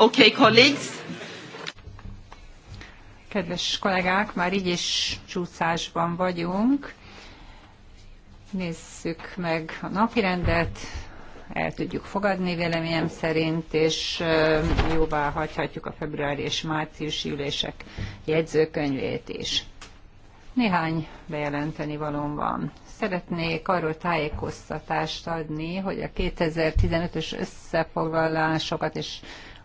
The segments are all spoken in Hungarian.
Okay, colleagues. Kedves kollégák, már így is csúszásban vagyunk. Nézzük meg a napirendet, el tudjuk fogadni véleményem szerint, és jóvá hagyhatjuk a februári és márciusi ülések jegyzőkönyvét is. Néhány bejelenteni valóm van. Szeretnék arról tájékoztatást adni, hogy a 2015-ös összefoglalásokat és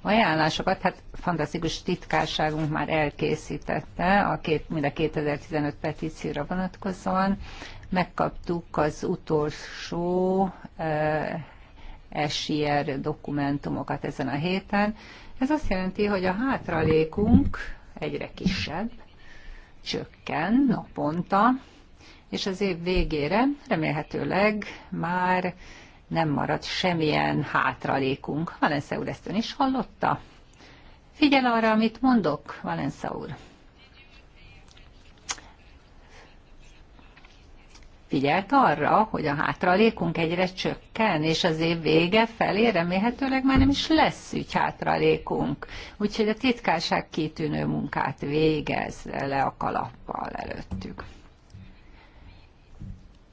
ajánlásokat, hát fantasztikus titkárságunk már elkészítette a két, mind a 2015 petícióra vonatkozóan. Megkaptuk az utolsó e, SIR dokumentumokat ezen a héten. Ez azt jelenti, hogy a hátralékunk egyre kisebb, csökken naponta, és az év végére remélhetőleg már nem marad semmilyen hátralékunk. Valensza úr ezt ön is hallotta? Figyel arra, amit mondok, Valensza úr. Figyelt arra, hogy a hátralékunk egyre csökken, és az év vége felé remélhetőleg már nem is lesz ügy hátralékunk. Úgyhogy a titkárság kitűnő munkát végez le a kalappal előttük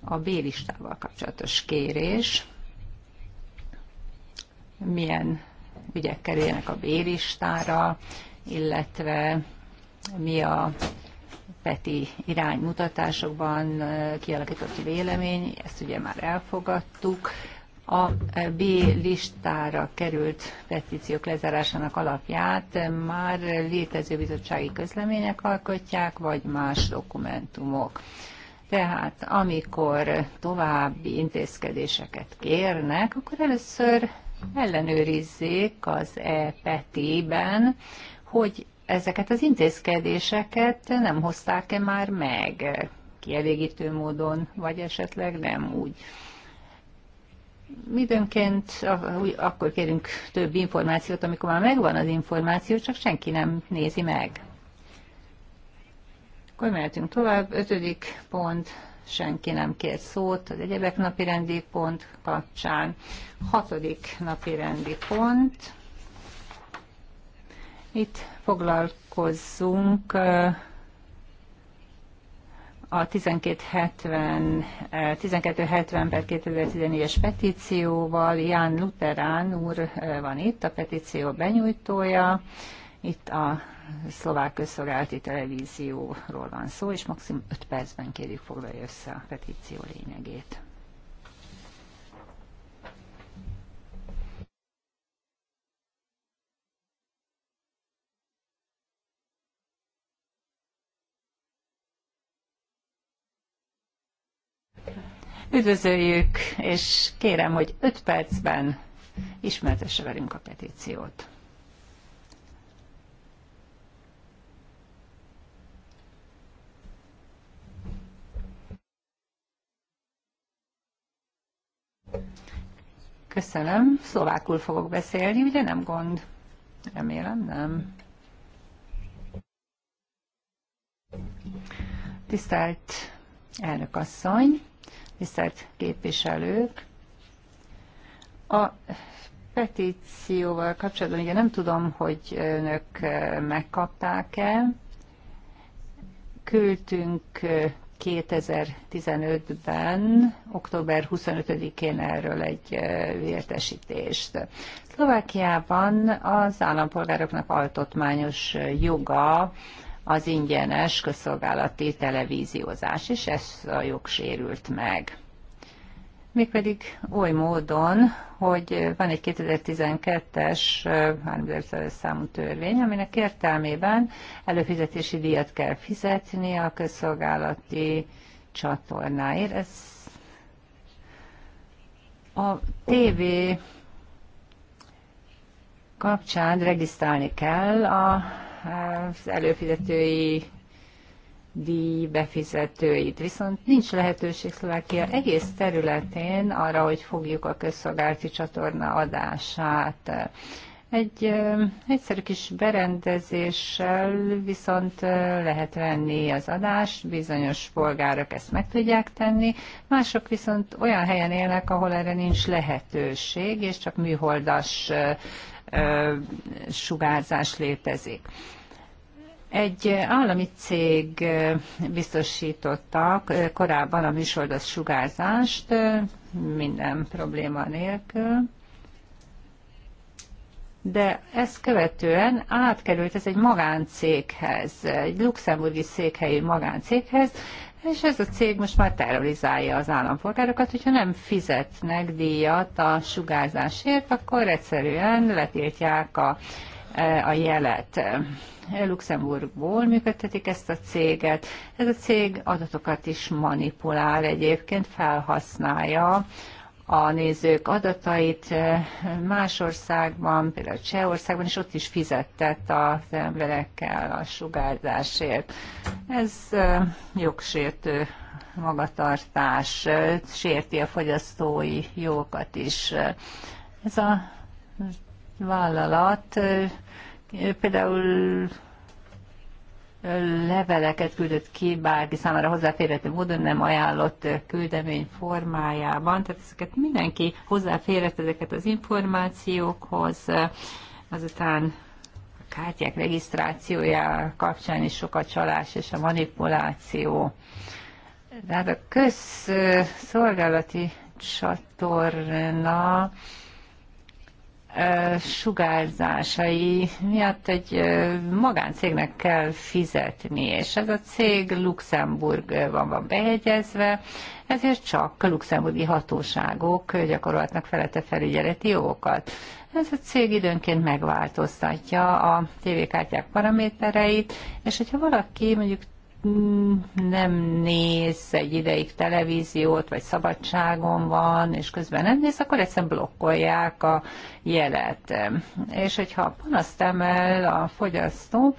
a B listával kapcsolatos kérés milyen ügyek kerüljenek a bélistára, illetve mi a peti iránymutatásokban kialakított vélemény, ezt ugye már elfogadtuk. A B listára került petíciók lezárásának alapját már létező bizottsági közlemények alkotják, vagy más dokumentumok. Tehát amikor további intézkedéseket kérnek, akkor először ellenőrizzék az EPT-ben, hogy ezeket az intézkedéseket nem hozták-e már meg kielégítő módon, vagy esetleg nem úgy. Időnként akkor kérünk több információt, amikor már megvan az információ, csak senki nem nézi meg. Akkor mehetünk tovább. Ötödik pont senki nem kér szót az egyebek napi rendi pont kapcsán. Hatodik napi rendi pont. Itt foglalkozzunk uh, a 1270, uh, per 2014-es petícióval. Ján Luterán úr uh, van itt, a petíció benyújtója. Itt a szlovák közszolgálati televízióról van szó, és maximum 5 percben kérjük foglalja össze a petíció lényegét. Üdvözöljük, és kérem, hogy 5 percben ismertesse velünk a petíciót. Köszönöm. Szlovákul fogok beszélni, ugye nem gond? Remélem nem. Tisztelt elnökasszony, tisztelt képviselők! A petícióval kapcsolatban ugye nem tudom, hogy önök megkapták-e. Küldtünk 2015-ben, október 25-én erről egy értesítést. Szlovákiában az állampolgároknak altotmányos joga az ingyenes közszolgálati televíziózás, és ez a jog sérült meg mégpedig oly módon, hogy van egy 2012-es 3500 eh, számú törvény, aminek értelmében előfizetési díjat kell fizetni a közszolgálati csatornáért. Ez a TV kapcsán regisztrálni kell eh, az előfizetői díj befizetőit. Viszont nincs lehetőség Szlovákia egész területén arra, hogy fogjuk a közszolgálati csatorna adását. Egy ö, egyszerű kis berendezéssel viszont lehet venni az adást, bizonyos polgárok ezt meg tudják tenni, mások viszont olyan helyen élnek, ahol erre nincs lehetőség, és csak műholdas ö, ö, sugárzás létezik. Egy állami cég biztosította korábban a műsoldas sugárzást minden probléma nélkül, de ezt követően átkerült ez egy magáncéghez, egy luxemburgi székhelyű magáncéghez, és ez a cég most már terrorizálja az állampolgárokat, hogyha nem fizetnek díjat a sugárzásért, akkor egyszerűen letiltják a a jelet. Luxemburgból működtetik ezt a céget. Ez a cég adatokat is manipulál egyébként, felhasználja a nézők adatait eh, más országban, például Csehországban, és ott is fizettett az emberekkel a sugárzásért. Ez eh, jogsértő magatartás, eh, sérti a fogyasztói jogokat is. Ez a vállalat például leveleket küldött ki bárki számára hozzáférhető módon, nem ajánlott küldemény formájában. Tehát ezeket mindenki hozzáférhet ezeket az információkhoz. Azután a kártyák regisztrációja kapcsán is sok a csalás és a manipuláció. Tehát a közszolgálati csatorna sugárzásai miatt egy magáncégnek kell fizetni, és ez a cég Luxemburgban van behegyezve, ezért csak a luxemburgi hatóságok gyakorolhatnak felette felügyeleti jogokat. Ez a cég időnként megváltoztatja a tévékártyák paramétereit, és hogyha valaki mondjuk Mm, nem néz egy ideig televíziót, vagy szabadságon van, és közben nem néz, akkor egyszerűen blokkolják a jelet. És hogyha panaszt emel a fogyasztó,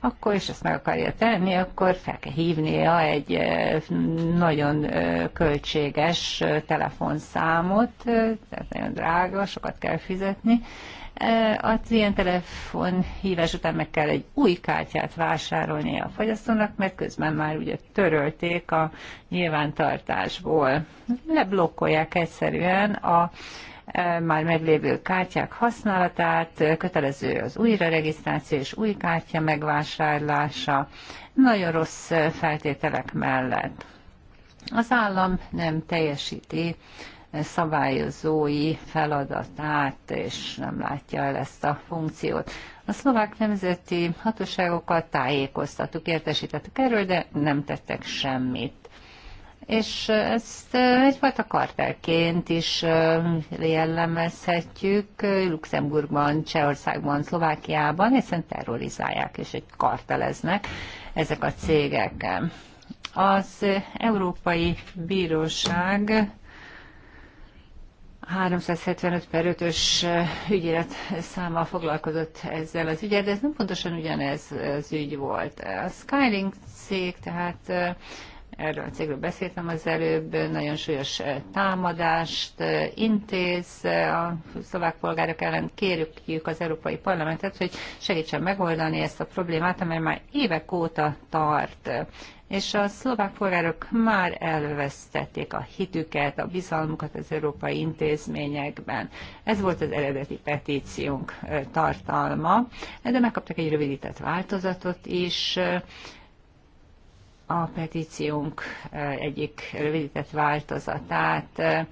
akkor, és ezt meg akarja tenni, akkor fel kell hívnia egy eh, nagyon eh, költséges eh, telefonszámot, tehát nagyon drága, sokat kell fizetni, E, az ilyen hívás után meg kell egy új kártyát vásárolni a fogyasztónak, mert közben már ugye törölték a nyilvántartásból. Leblokkolják egyszerűen a e, már meglévő kártyák használatát, kötelező az újraregisztráció és új kártya megvásárlása, nagyon rossz feltételek mellett. Az állam nem teljesíti szabályozói feladatát, és nem látja el ezt a funkciót. A szlovák nemzeti hatóságokat tájékoztattuk, értesítettük erről, de nem tettek semmit. És ezt egyfajta kartelként is jellemezhetjük Luxemburgban, Csehországban, Szlovákiában, hiszen terrorizálják és egy karteleznek ezek a cégek. Az Európai Bíróság 375 per 5-ös ügyélet számmal foglalkozott ezzel az ügyel, de ez nem pontosan ugyanez az ügy volt. A Skylink cég tehát erről a cégről beszéltem az előbb, nagyon súlyos eh, támadást eh, intéz eh, a szlovák polgárok ellen. Kérjük az Európai Parlamentet, hogy segítsen megoldani ezt a problémát, amely már évek óta tart. És a szlovák polgárok már elvesztették a hitüket, a bizalmukat az európai intézményekben. Ez volt az eredeti petíciónk tartalma, de megkaptak egy rövidített változatot is, a petíciónk e, egyik rövidített változatát. E,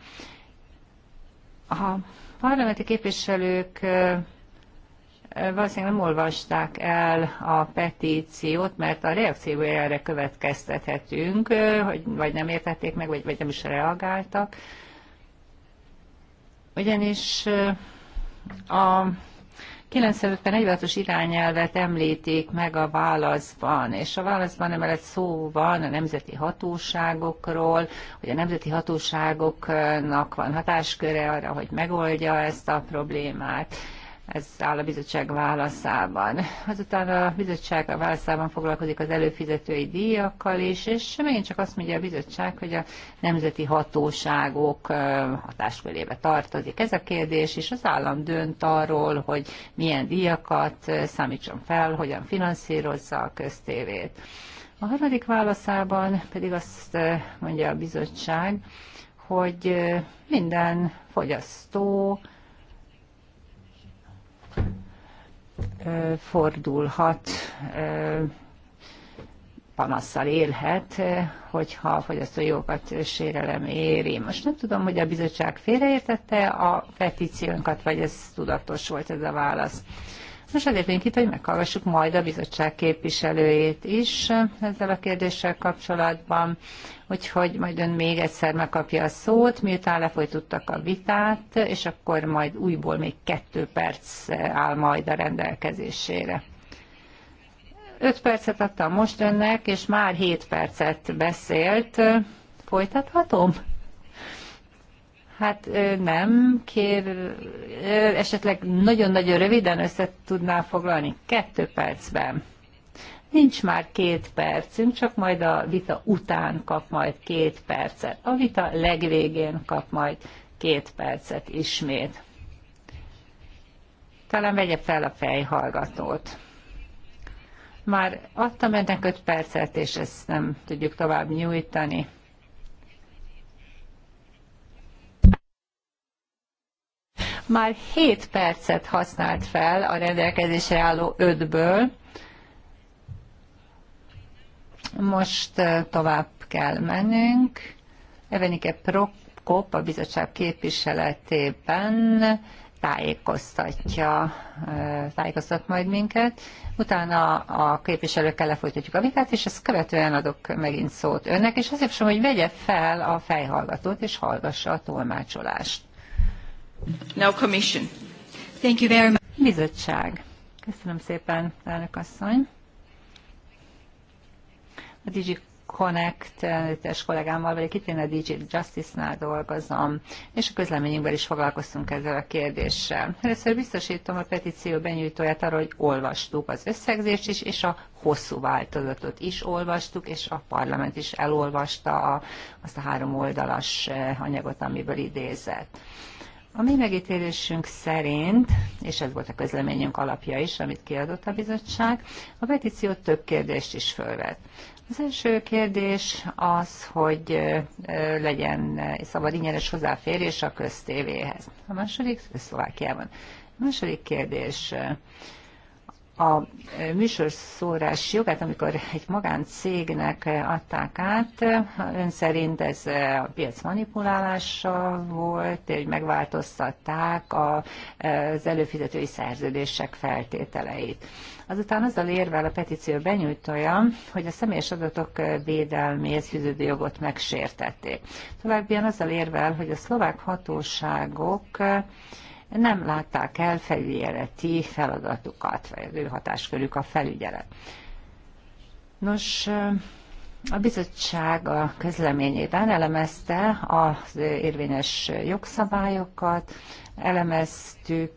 a parlamenti képviselők e, valószínűleg nem olvasták el a petíciót, mert a reakciója erre következtethetünk, hogy vagy nem értették meg, vagy, vagy nem is reagáltak. Ugyanis a 95-46-os irányelvet említik meg a válaszban, és a válaszban emellett szó van a nemzeti hatóságokról, hogy a nemzeti hatóságoknak van hatásköre arra, hogy megoldja ezt a problémát. Ez áll a bizottság válaszában. Azután a bizottság a válaszában foglalkozik az előfizetői díjakkal is, és megint csak azt mondja a bizottság, hogy a nemzeti hatóságok hatáskörébe tartozik ez a kérdés, és az állam dönt arról, hogy milyen díjakat számítson fel, hogyan finanszírozza a köztévét. A harmadik válaszában pedig azt mondja a bizottság, hogy minden fogyasztó fordulhat, panasszal élhet, hogyha a fogyasztói jogokat sérelem éri. Most nem tudom, hogy a bizottság félreértette a petíciónkat, vagy ez tudatos volt ez a válasz. Most azért itt, hogy meghallgassuk majd a bizottság képviselőjét is eh, ezzel a kérdéssel kapcsolatban, úgyhogy majd ön még egyszer megkapja a szót, miután lefolytottak a vitát, és akkor majd újból még kettő perc eh, áll majd a rendelkezésére. Öt percet adtam most önnek, és már hét percet beszélt. Eh, folytathatom? Hát nem, kér, esetleg nagyon-nagyon röviden össze tudnál foglalni, kettő percben. Nincs már két percünk, csak majd a vita után kap majd két percet. A vita legvégén kap majd két percet ismét. Talán vegye fel a fejhallgatót. Már adtam ennek öt percet, és ezt nem tudjuk tovább nyújtani. már 7 percet használt fel a rendelkezésre álló 5-ből. Most eh, tovább kell mennünk. Evenike Prokop a bizottság képviseletében tájékoztatja, eh, tájékoztat majd minket. Utána a képviselőkkel lefolytatjuk a vitát, és ezt követően adok megint szót önnek, és azért sem, hogy vegye fel a fejhallgatót, és hallgassa a tolmácsolást. No commission. Thank you very much. Bizottság. Köszönöm szépen, elnök asszony. A DG Connect-es eh, kollégámmal, vagy itt én a DG Justice-nál dolgozom, és a közleményünkben is foglalkoztunk ezzel a kérdéssel. Először biztosítom a petíció benyújtóját arra, hogy olvastuk az összegzést is, és a hosszú változatot is olvastuk, és a parlament is elolvasta azt a három oldalas eh, anyagot, amiből idézett. A mi megítélésünk szerint, és ez volt a közleményünk alapja is, amit kiadott a bizottság, a petíció több kérdést is fölvet. Az első kérdés az, hogy legyen szabad ingyenes hozzáférés a köztévéhez. A második, Szlovákiában. A második kérdés, a műsorszórás jogát, amikor egy magáncégnek adták át, ön szerint ez a piac manipulálása volt, hogy megváltoztatták az előfizetői szerződések feltételeit. Azután azzal érvel a petíció benyújtója, hogy a személyes adatok védelméhez fűződő jogot megsértették. Továbbian azzal érvel, hogy a szlovák hatóságok nem látták el felügyeleti feladatukat, vagy az ő hatáskörük a felügyelet. Nos, a bizottság a közleményében elemezte az érvényes jogszabályokat, elemezte kértük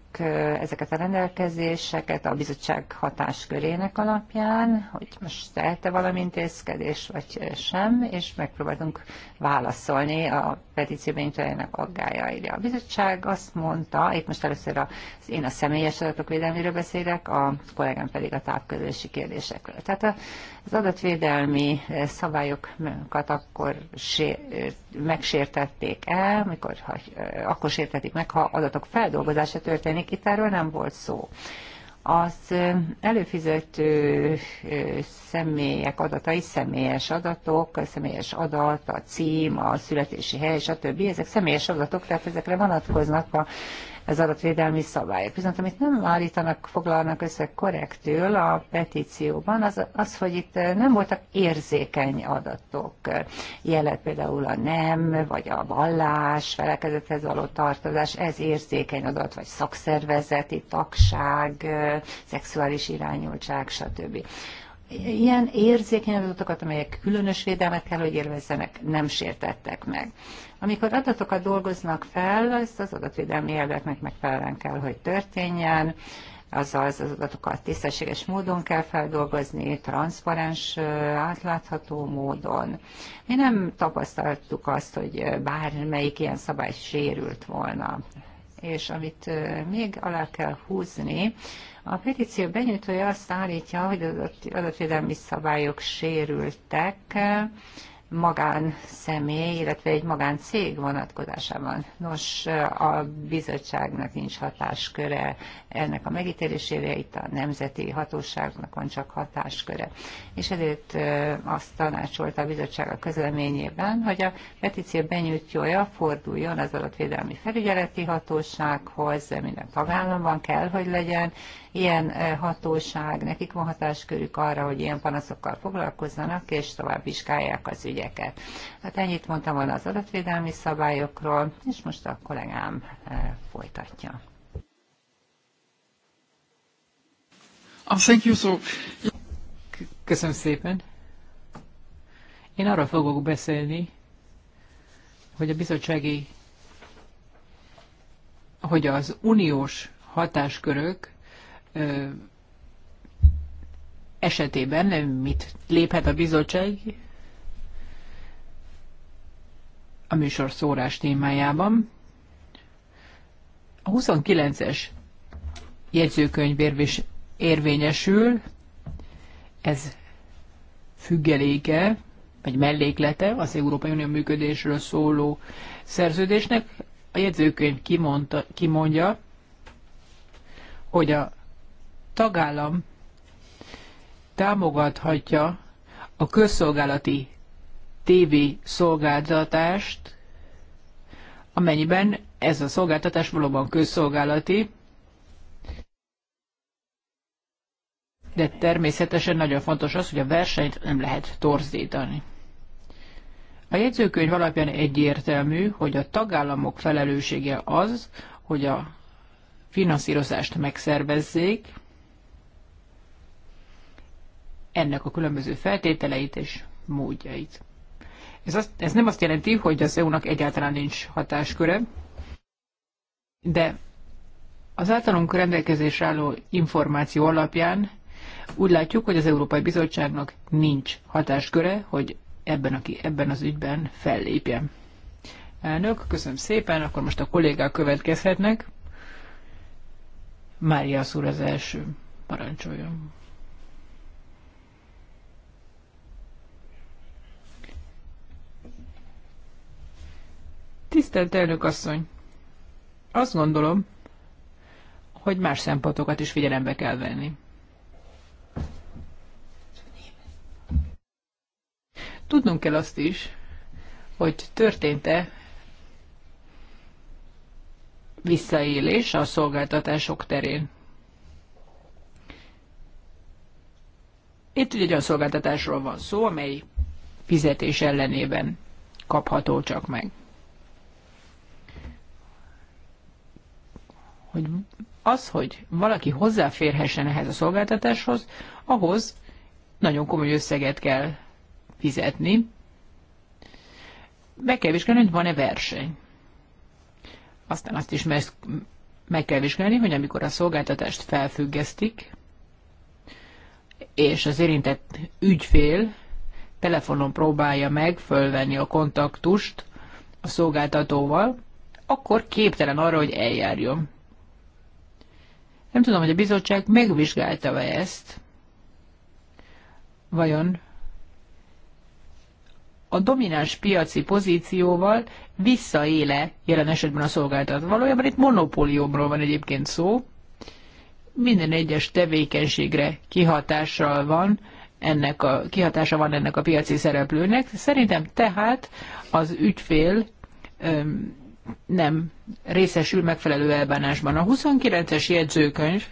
ezeket a rendelkezéseket a bizottság hatáskörének alapján, hogy most tehet-e valami intézkedés, vagy sem, és megpróbáltunk válaszolni a petíció benyújtójának aggájaira. A bizottság azt mondta, itt most először az, én a személyes adatok védelméről beszélek, a kollégám pedig a távközlési kérdésekről. Tehát a, az adatvédelmi szabályokat akkor sé, megsértették el, mikor, ha, akkor sértették meg, ha adatok feldolgozása se történik. Itt erről nem volt szó. Az előfizető személyek adatai, személyes adatok, a személyes adat, a cím, a születési hely, stb. Ezek személyes adatok, tehát ezekre vonatkoznak a az adatvédelmi szabályok. Viszont amit nem állítanak, foglalnak össze korrektül a petícióban, az, az, hogy itt nem voltak érzékeny adatok. Jelet például a nem, vagy a vallás, felekezethez való tartozás, ez érzékeny adat, vagy szakszervezeti tagság, szexuális irányultság, stb ilyen érzékeny adatokat, amelyek különös védelmet kell, hogy élvezzenek, nem sértettek meg. Amikor adatokat dolgoznak fel, ezt az adatvédelmi elveknek megfelelően kell, hogy történjen, azaz az adatokat tisztességes módon kell feldolgozni, transzparens, átlátható módon. Mi nem tapasztaltuk azt, hogy bármelyik ilyen szabály sérült volna. És amit még alá kell húzni, a petíció benyújtója azt állítja, hogy az adatvédelmi szabályok sérültek, magánszemély, illetve egy magáncég vonatkozásában. Nos, a bizottságnak nincs hatásköre ennek a megítélésére, itt a nemzeti hatóságnak van csak hatásköre. És ezért azt tanácsolta a bizottság a közleményében, hogy a petíció benyújtója forduljon az adatvédelmi felügyeleti hatósághoz, minden tagállamban kell, hogy legyen, ilyen hatóság, nekik van hatáskörük arra, hogy ilyen panaszokkal foglalkozzanak, és tovább vizsgálják az ügyeket. Hát ennyit mondtam volna az adatvédelmi szabályokról, és most a kollégám folytatja. Oh, thank you so. Köszönöm szépen. Én arra fogok beszélni, hogy a bizottsági, hogy az uniós hatáskörök esetében mit léphet a bizottság a műsor szórás témájában. A 29-es jegyzőkönyv érvényesül, ez függeléke, vagy melléklete az Európai Unió működésről szóló szerződésnek. A jegyzőkönyv kimondta, kimondja, hogy a tagállam támogathatja a közszolgálati TV szolgáltatást, amennyiben ez a szolgáltatás valóban közszolgálati, de természetesen nagyon fontos az, hogy a versenyt nem lehet torzítani. A jegyzőkönyv alapján egyértelmű, hogy a tagállamok felelőssége az, hogy a finanszírozást megszervezzék, ennek a különböző feltételeit és módjait. Ez, azt, ez nem azt jelenti, hogy az EU-nak egyáltalán nincs hatásköre, de az általunk rendelkezésre álló információ alapján úgy látjuk, hogy az Európai Bizottságnak nincs hatásköre, hogy ebben, aki ebben az ügyben fellépjen. Elnök, köszönöm szépen, akkor most a kollégák következhetnek. Mária Szúr az első. Parancsoljon. Tisztelt elnök asszony! Azt gondolom, hogy más szempontokat is figyelembe kell venni. Tudnunk kell azt is, hogy történt-e visszaélés a szolgáltatások terén. Itt ugye egy olyan szolgáltatásról van szó, amely fizetés ellenében kapható csak meg. hogy az, hogy valaki hozzáférhessen ehhez a szolgáltatáshoz, ahhoz nagyon komoly összeget kell fizetni. Meg kell vizsgálni, hogy van-e verseny. Aztán azt is meg kell vizsgálni, hogy amikor a szolgáltatást felfüggesztik, és az érintett ügyfél telefonon próbálja meg fölvenni a kontaktust a szolgáltatóval, akkor képtelen arra, hogy eljárjon. Nem tudom, hogy a bizottság megvizsgálta-e ezt. Vajon a domináns piaci pozícióval visszaéle jelen esetben a szolgáltat. Valójában itt monopóliumról van egyébként szó. Minden egyes tevékenységre kihatással van, ennek a, kihatása van ennek a piaci szereplőnek. Szerintem tehát az ügyfél öm, nem részesül megfelelő elbánásban. A 29-es jegyzőkönyv,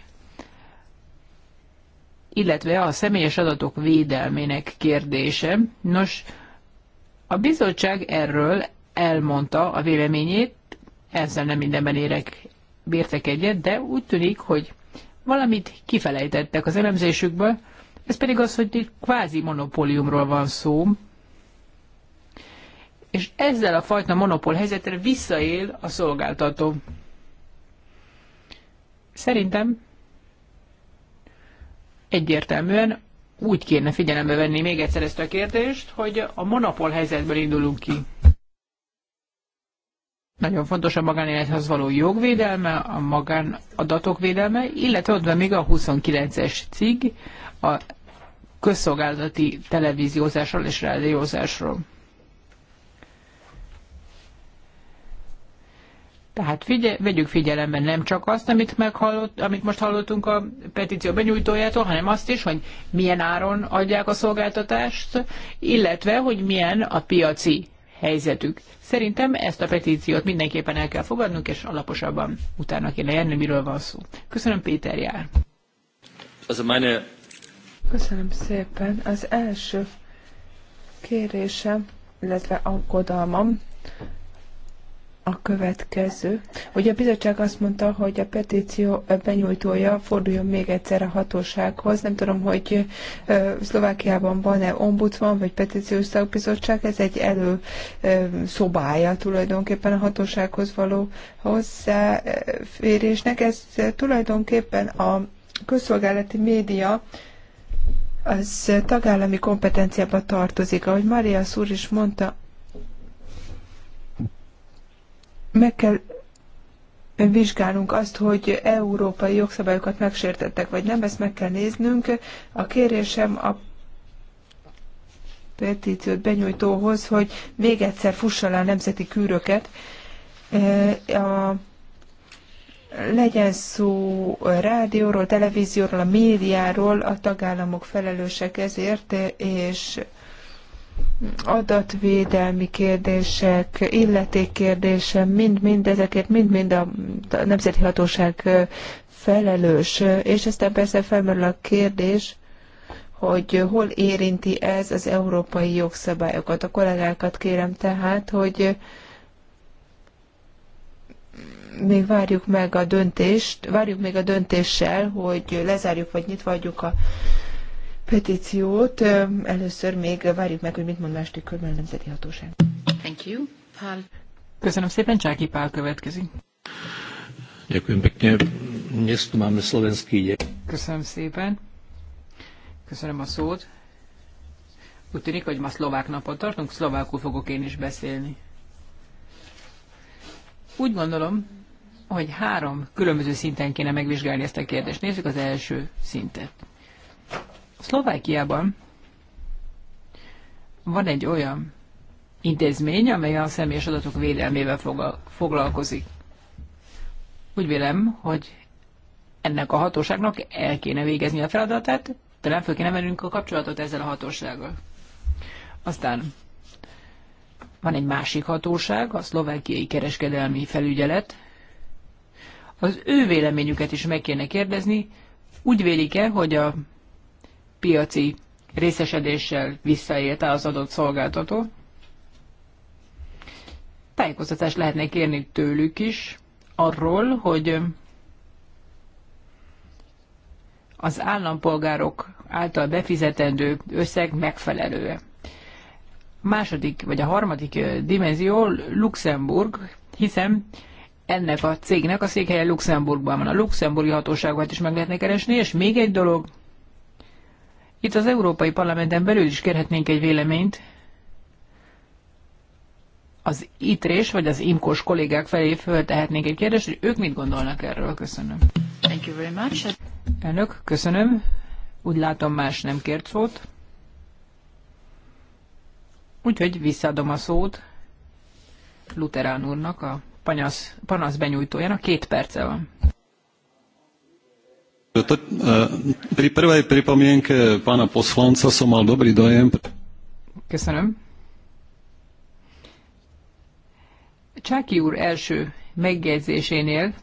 illetve a személyes adatok védelmének kérdése. Nos, a bizottság erről elmondta a véleményét, ezzel nem mindenben érek, bértek egyet, de úgy tűnik, hogy valamit kifelejtettek az elemzésükből, ez pedig az, hogy itt kvázi monopóliumról van szó, és ezzel a fajta monopól helyzetre visszaél a szolgáltató. Szerintem egyértelműen úgy kéne figyelembe venni még egyszer ezt a kérdést, hogy a monopól helyzetből indulunk ki. Nagyon fontos a magánélethez való jogvédelme, a magánadatok védelme, illetve ott van még a 29-es cikk a közszolgálati televíziózásról és rádiózásról. Tehát figye, vegyük figyelembe nem csak azt, amit, meghallott, amit most hallottunk a petíció benyújtójától, hanem azt is, hogy milyen áron adják a szolgáltatást, illetve, hogy milyen a piaci helyzetük. Szerintem ezt a petíciót mindenképpen el kell fogadnunk, és alaposabban utána kéne jönni, miről van szó. Köszönöm, Péter Jár. Az a meine... Köszönöm szépen. Az első kérésem, illetve aggodalmam a következő. Ugye a bizottság azt mondta, hogy a petíció benyújtója forduljon még egyszer a hatósághoz. Nem tudom, hogy Szlovákiában van-e ombudsman vagy petíciós szakbizottság. Ez egy elő szobája tulajdonképpen a hatósághoz való hozzáférésnek. Ez tulajdonképpen a közszolgálati média az tagállami kompetenciába tartozik. Ahogy Maria Szúr is mondta, meg kell vizsgálnunk azt, hogy európai jogszabályokat megsértettek, vagy nem, ezt meg kell néznünk. A kérésem a petíciót benyújtóhoz, hogy még egyszer fussa le a nemzeti kűröket. E, a, legyen szó rádióról, televízióról, a médiáról, a tagállamok felelősek ezért, és adatvédelmi kérdések, illetékkérdése, mind-mind ezeket, mind-mind a Nemzeti Hatóság felelős. És aztán persze felmerül a kérdés, hogy hol érinti ez az európai jogszabályokat. A kollégákat kérem tehát, hogy még várjuk meg a döntést, várjuk még a döntéssel, hogy lezárjuk vagy nyitva adjuk a petíciót. Először még várjuk meg, hogy mit mond második körben a Nemzeti Hatóság. Thank you. Pál. Köszönöm szépen, Csáki Pál következik. Köszönöm szépen. Köszönöm a szót. Úgy tűnik, hogy ma szlovák napot tartunk, szlovákul fogok én is beszélni. Úgy gondolom, hogy három különböző szinten kéne megvizsgálni ezt a kérdést. Nézzük az első szintet. Szlovákiában van egy olyan intézmény, amely a személyes adatok védelmével foglalkozik. Úgy vélem, hogy ennek a hatóságnak el kéne végezni a feladatát, de nem föl kéne vennünk a kapcsolatot ezzel a hatósággal. Aztán van egy másik hatóság, a szlovákiai kereskedelmi felügyelet. Az ő véleményüket is meg kéne kérdezni. Úgy vélik-e, hogy a piaci részesedéssel visszaélte az adott szolgáltató. Tájékoztatást lehetne kérni tőlük is arról, hogy az állampolgárok által befizetendő összeg megfelelő. Második, vagy a harmadik dimenzió Luxemburg, hiszen ennek a cégnek a székhelye Luxemburgban van. A luxemburgi hatóságokat is meg lehetne keresni, és még egy dolog, itt az Európai Parlamenten belül is kérhetnénk egy véleményt az ITRÉS vagy az IMKOS kollégák felé föltehetnénk egy kérdést, hogy ők mit gondolnak erről. Köszönöm. Thank you very much. Elnök, köszönöm. Úgy látom, más nem kért szót. Úgyhogy visszaadom a szót Luterán úrnak, a panasz, panasz benyújtójának. Két perce van. E, pri prvej pripomienke pána poslanca som mal dobrý dojem. Köszönöm. Csáki úr első megjegyzésénél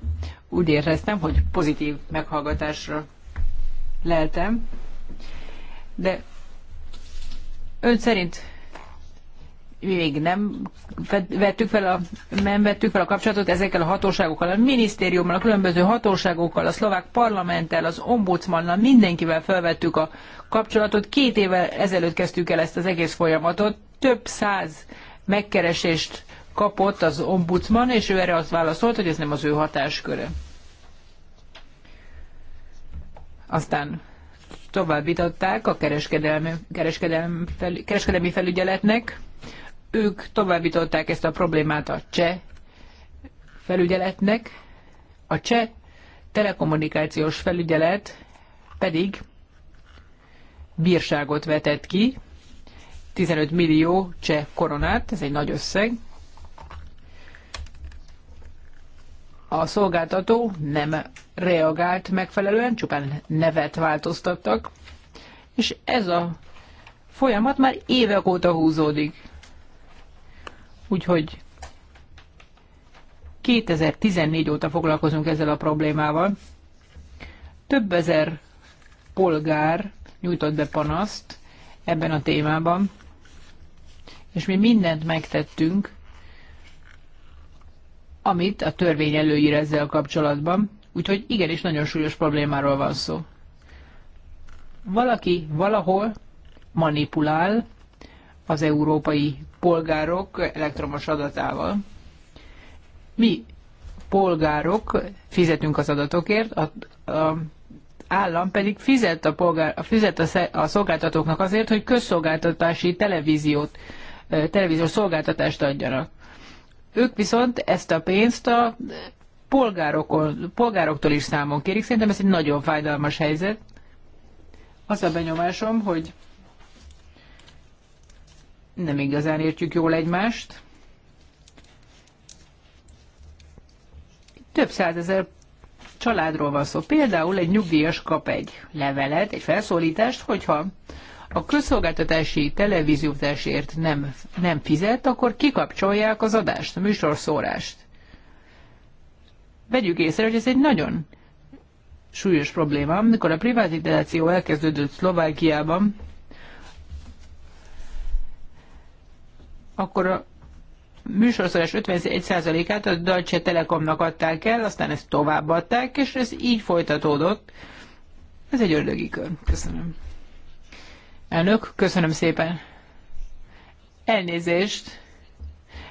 úgy éreztem, hogy pozitív meghallgatásra leltem, de ön szerint még nem vettük fel a, nem vettük fel a kapcsolatot ezekkel a hatóságokkal, a minisztériummal, a különböző hatóságokkal, a szlovák parlamenttel, az ombudsmannal, mindenkivel felvettük a kapcsolatot. Két évvel ezelőtt kezdtük el ezt az egész folyamatot. Több száz megkeresést kapott az ombudsman, és ő erre azt válaszolt, hogy ez nem az ő hatásköre. Aztán tovább vitatták a kereskedelmi, kereskedelmi, kereskedelmi felügyeletnek, ők továbbították ezt a problémát a cseh felügyeletnek, a cseh telekommunikációs felügyelet pedig bírságot vetett ki, 15 millió cseh koronát, ez egy nagy összeg. A szolgáltató nem reagált megfelelően, csupán nevet változtattak, és ez a folyamat már évek óta húzódik. Úgyhogy 2014 óta foglalkozunk ezzel a problémával. Több ezer polgár nyújtott be panaszt ebben a témában, és mi mindent megtettünk, amit a törvény előír ezzel kapcsolatban, úgyhogy igenis nagyon súlyos problémáról van szó. Valaki valahol manipulál, az európai polgárok elektromos adatával. Mi polgárok fizetünk az adatokért, a, a állam pedig fizet a, polgár, fizet a, a szolgáltatóknak azért, hogy közszolgáltatási televíziót, televíziós szolgáltatást adjanak. Ők viszont ezt a pénzt a polgárokon, polgároktól is számon kérik. Szerintem ez egy nagyon fájdalmas helyzet. Az a benyomásom, hogy nem igazán értjük jól egymást. Több százezer családról van szó. Például egy nyugdíjas kap egy levelet, egy felszólítást, hogyha a közszolgáltatási televíziótásért nem, nem fizet, akkor kikapcsolják az adást, a műsorszórást. Vegyük észre, hogy ez egy nagyon súlyos probléma. Amikor a privatizáció elkezdődött Szlovákiában, akkor a műsorszorás 51%-át a Deutsche Telekomnak adták el, aztán ezt továbbadták, és ez így folytatódott. Ez egy ördögi kör. Köszönöm. Elnök, köszönöm szépen. Elnézést.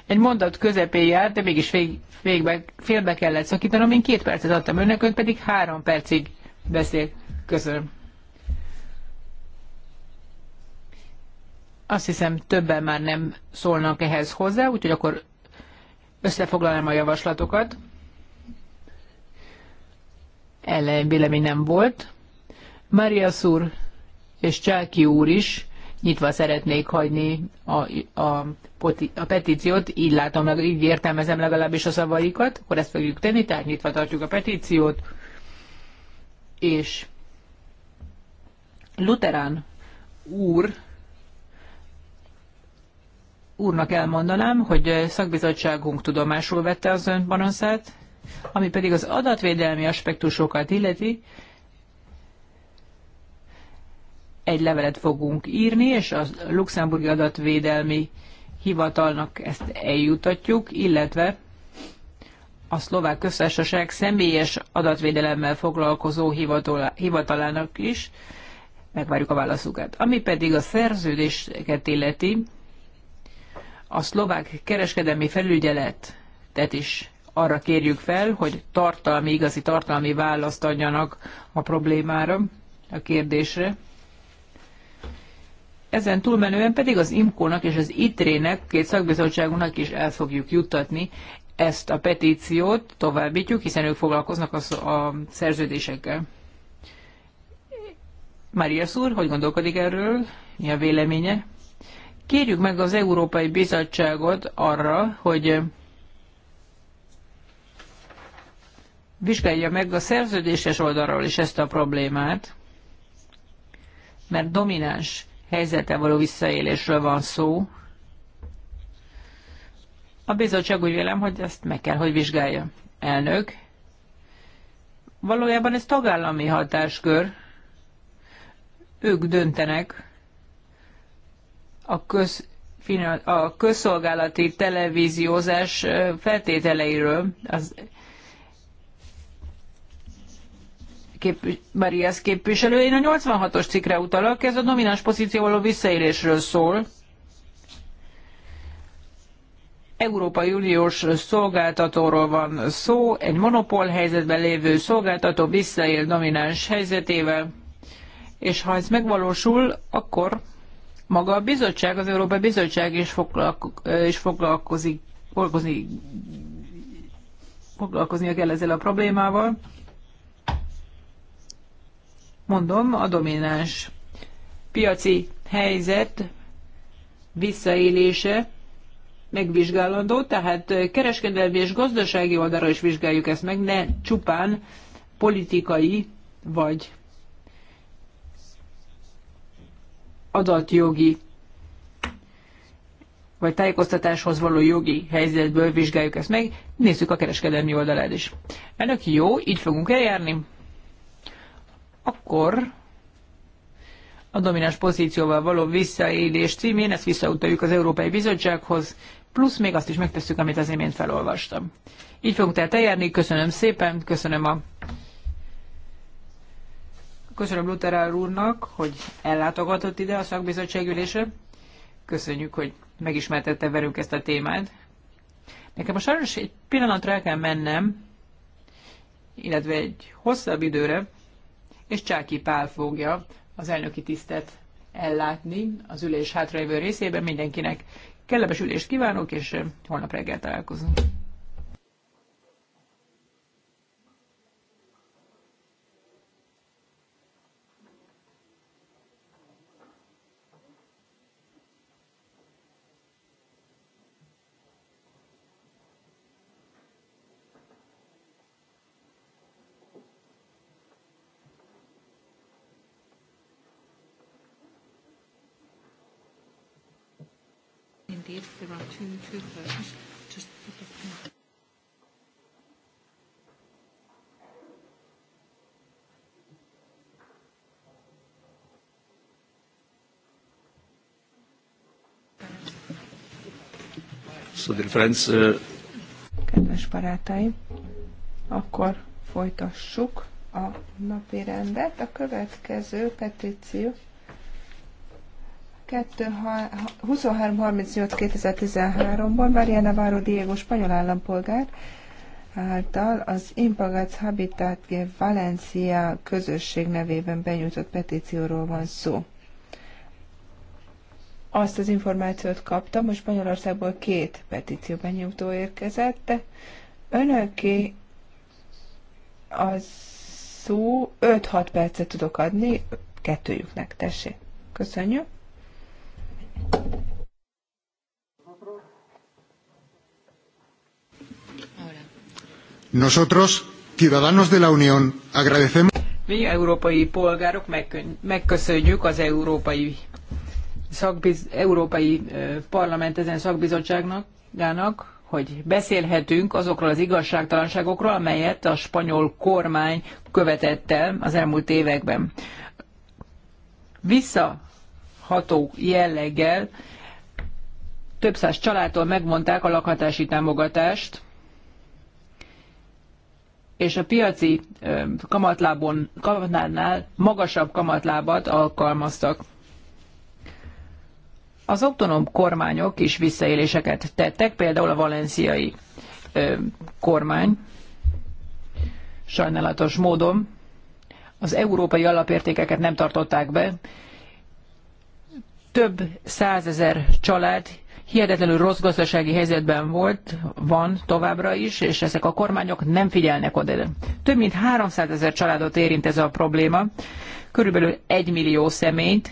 Egy mondat közepén járt, de mégis vég, végbe, félbe kellett szakítanom. Én két percet adtam önnek, ön pedig három percig beszélt. Köszönöm. Azt hiszem többen már nem szólnak ehhez hozzá, úgyhogy akkor összefoglalnám a javaslatokat. Ellen vélemény nem volt. Maria Szúr és Csáki úr is nyitva szeretnék hagyni a, a, a petíciót, így látom, meg, így értelmezem legalábbis a szavaikat, akkor ezt fogjuk tenni, tehát nyitva tartjuk a petíciót, és Luterán úr úrnak elmondanám, hogy eh, szakbizottságunk tudomásul vette az ön panaszát, ami pedig az adatvédelmi aspektusokat illeti, egy levelet fogunk írni, és a luxemburgi adatvédelmi hivatalnak ezt eljutatjuk, illetve a szlovák köztársaság személyes adatvédelemmel foglalkozó hivatalának is megvárjuk a válaszukat. Ami pedig a szerződéseket illeti, a szlovák kereskedelmi felügyeletet is arra kérjük fel, hogy tartalmi, igazi tartalmi választ adjanak a problémára, a kérdésre. Ezen túlmenően pedig az IMKO-nak és az ITRE-nek, két szakbizottságunknak is el fogjuk juttatni ezt a petíciót, továbbítjuk, hiszen ők foglalkoznak a, a szerződésekkel. Mária úr, hogy gondolkodik erről? Mi a véleménye? Kérjük meg az Európai Bizottságot arra, hogy vizsgálja meg a szerződéses oldalról is ezt a problémát, mert domináns helyzete való visszaélésről van szó. A bizottság úgy vélem, hogy ezt meg kell, hogy vizsgálja. Elnök, valójában ez tagállami hatáskör. Ők döntenek a, köz, a közszolgálati televíziózás feltételeiről. Az kép, Marias képviselő. Én a 86-os cikkre utalok, ez a domináns pozícióval a visszaélésről szól. Európai Uniós szolgáltatóról van szó, egy monopól helyzetben lévő szolgáltató visszaél domináns helyzetével, és ha ez megvalósul, akkor maga a bizottság, az Európai Bizottság is, foglalko- is foglalkozik, foglalkozni, foglalkoznia kell ezzel a problémával. Mondom, a domináns piaci helyzet visszaélése megvizsgálandó, tehát kereskedelmi és gazdasági oldalra is vizsgáljuk ezt meg, ne csupán politikai vagy adatjogi vagy tájékoztatáshoz való jogi helyzetből vizsgáljuk ezt meg, nézzük a kereskedelmi oldalát is. Ennek jó, így fogunk eljárni. Akkor a domináns pozícióval való visszaélés címén ezt visszautaljuk az Európai Bizottsághoz, plusz még azt is megtesszük, amit az imént felolvastam. Így fogunk tehát eljárni, köszönöm szépen, köszönöm a Köszönöm Luther úrnak, hogy ellátogatott ide a szakbizottság ülésre. Köszönjük, hogy megismertette velünk ezt a témát. Nekem most sajnos egy pillanatra el kell mennem, illetve egy hosszabb időre, és Csáki Pál fogja az elnöki tisztet ellátni az ülés hátrajövő részében. Mindenkinek kellemes ülést kívánok, és holnap reggel találkozunk. Uh, Kedves barátaim, akkor folytassuk a napi rendet. A következő petíció 2338 ban Maria Navarro Diego spanyol állampolgár által az Impagats Habitat Valencia közösség nevében benyújtott petícióról van szó. Azt az információt kaptam, hogy Spanyolországból két petíció benyújtó érkezett. Önöké az szó 5-6 percet tudok adni kettőjüknek, tessék. Köszönjük. Nosotros, ciudadanos de la Unión, agradecemos. Mi európai polgárok megköszönjük az európai, szakbiz, európai parlament ezen szakbizottságnak, gának, hogy beszélhetünk azokról az igazságtalanságokról, amelyet a spanyol kormány követett el az elmúlt években. Vissza ható jelleggel több száz családtól megmondták a lakhatási támogatást, és a piaci kamatlábon, kamatnál magasabb kamatlábat alkalmaztak. Az autonóm kormányok is visszaéléseket tettek, például a valenciai kormány sajnálatos módon az európai alapértékeket nem tartották be, több százezer család hihetetlenül rossz gazdasági helyzetben volt, van továbbra is, és ezek a kormányok nem figyelnek oda. Több mint 300 ezer családot érint ez a probléma, körülbelül 1 millió személyt,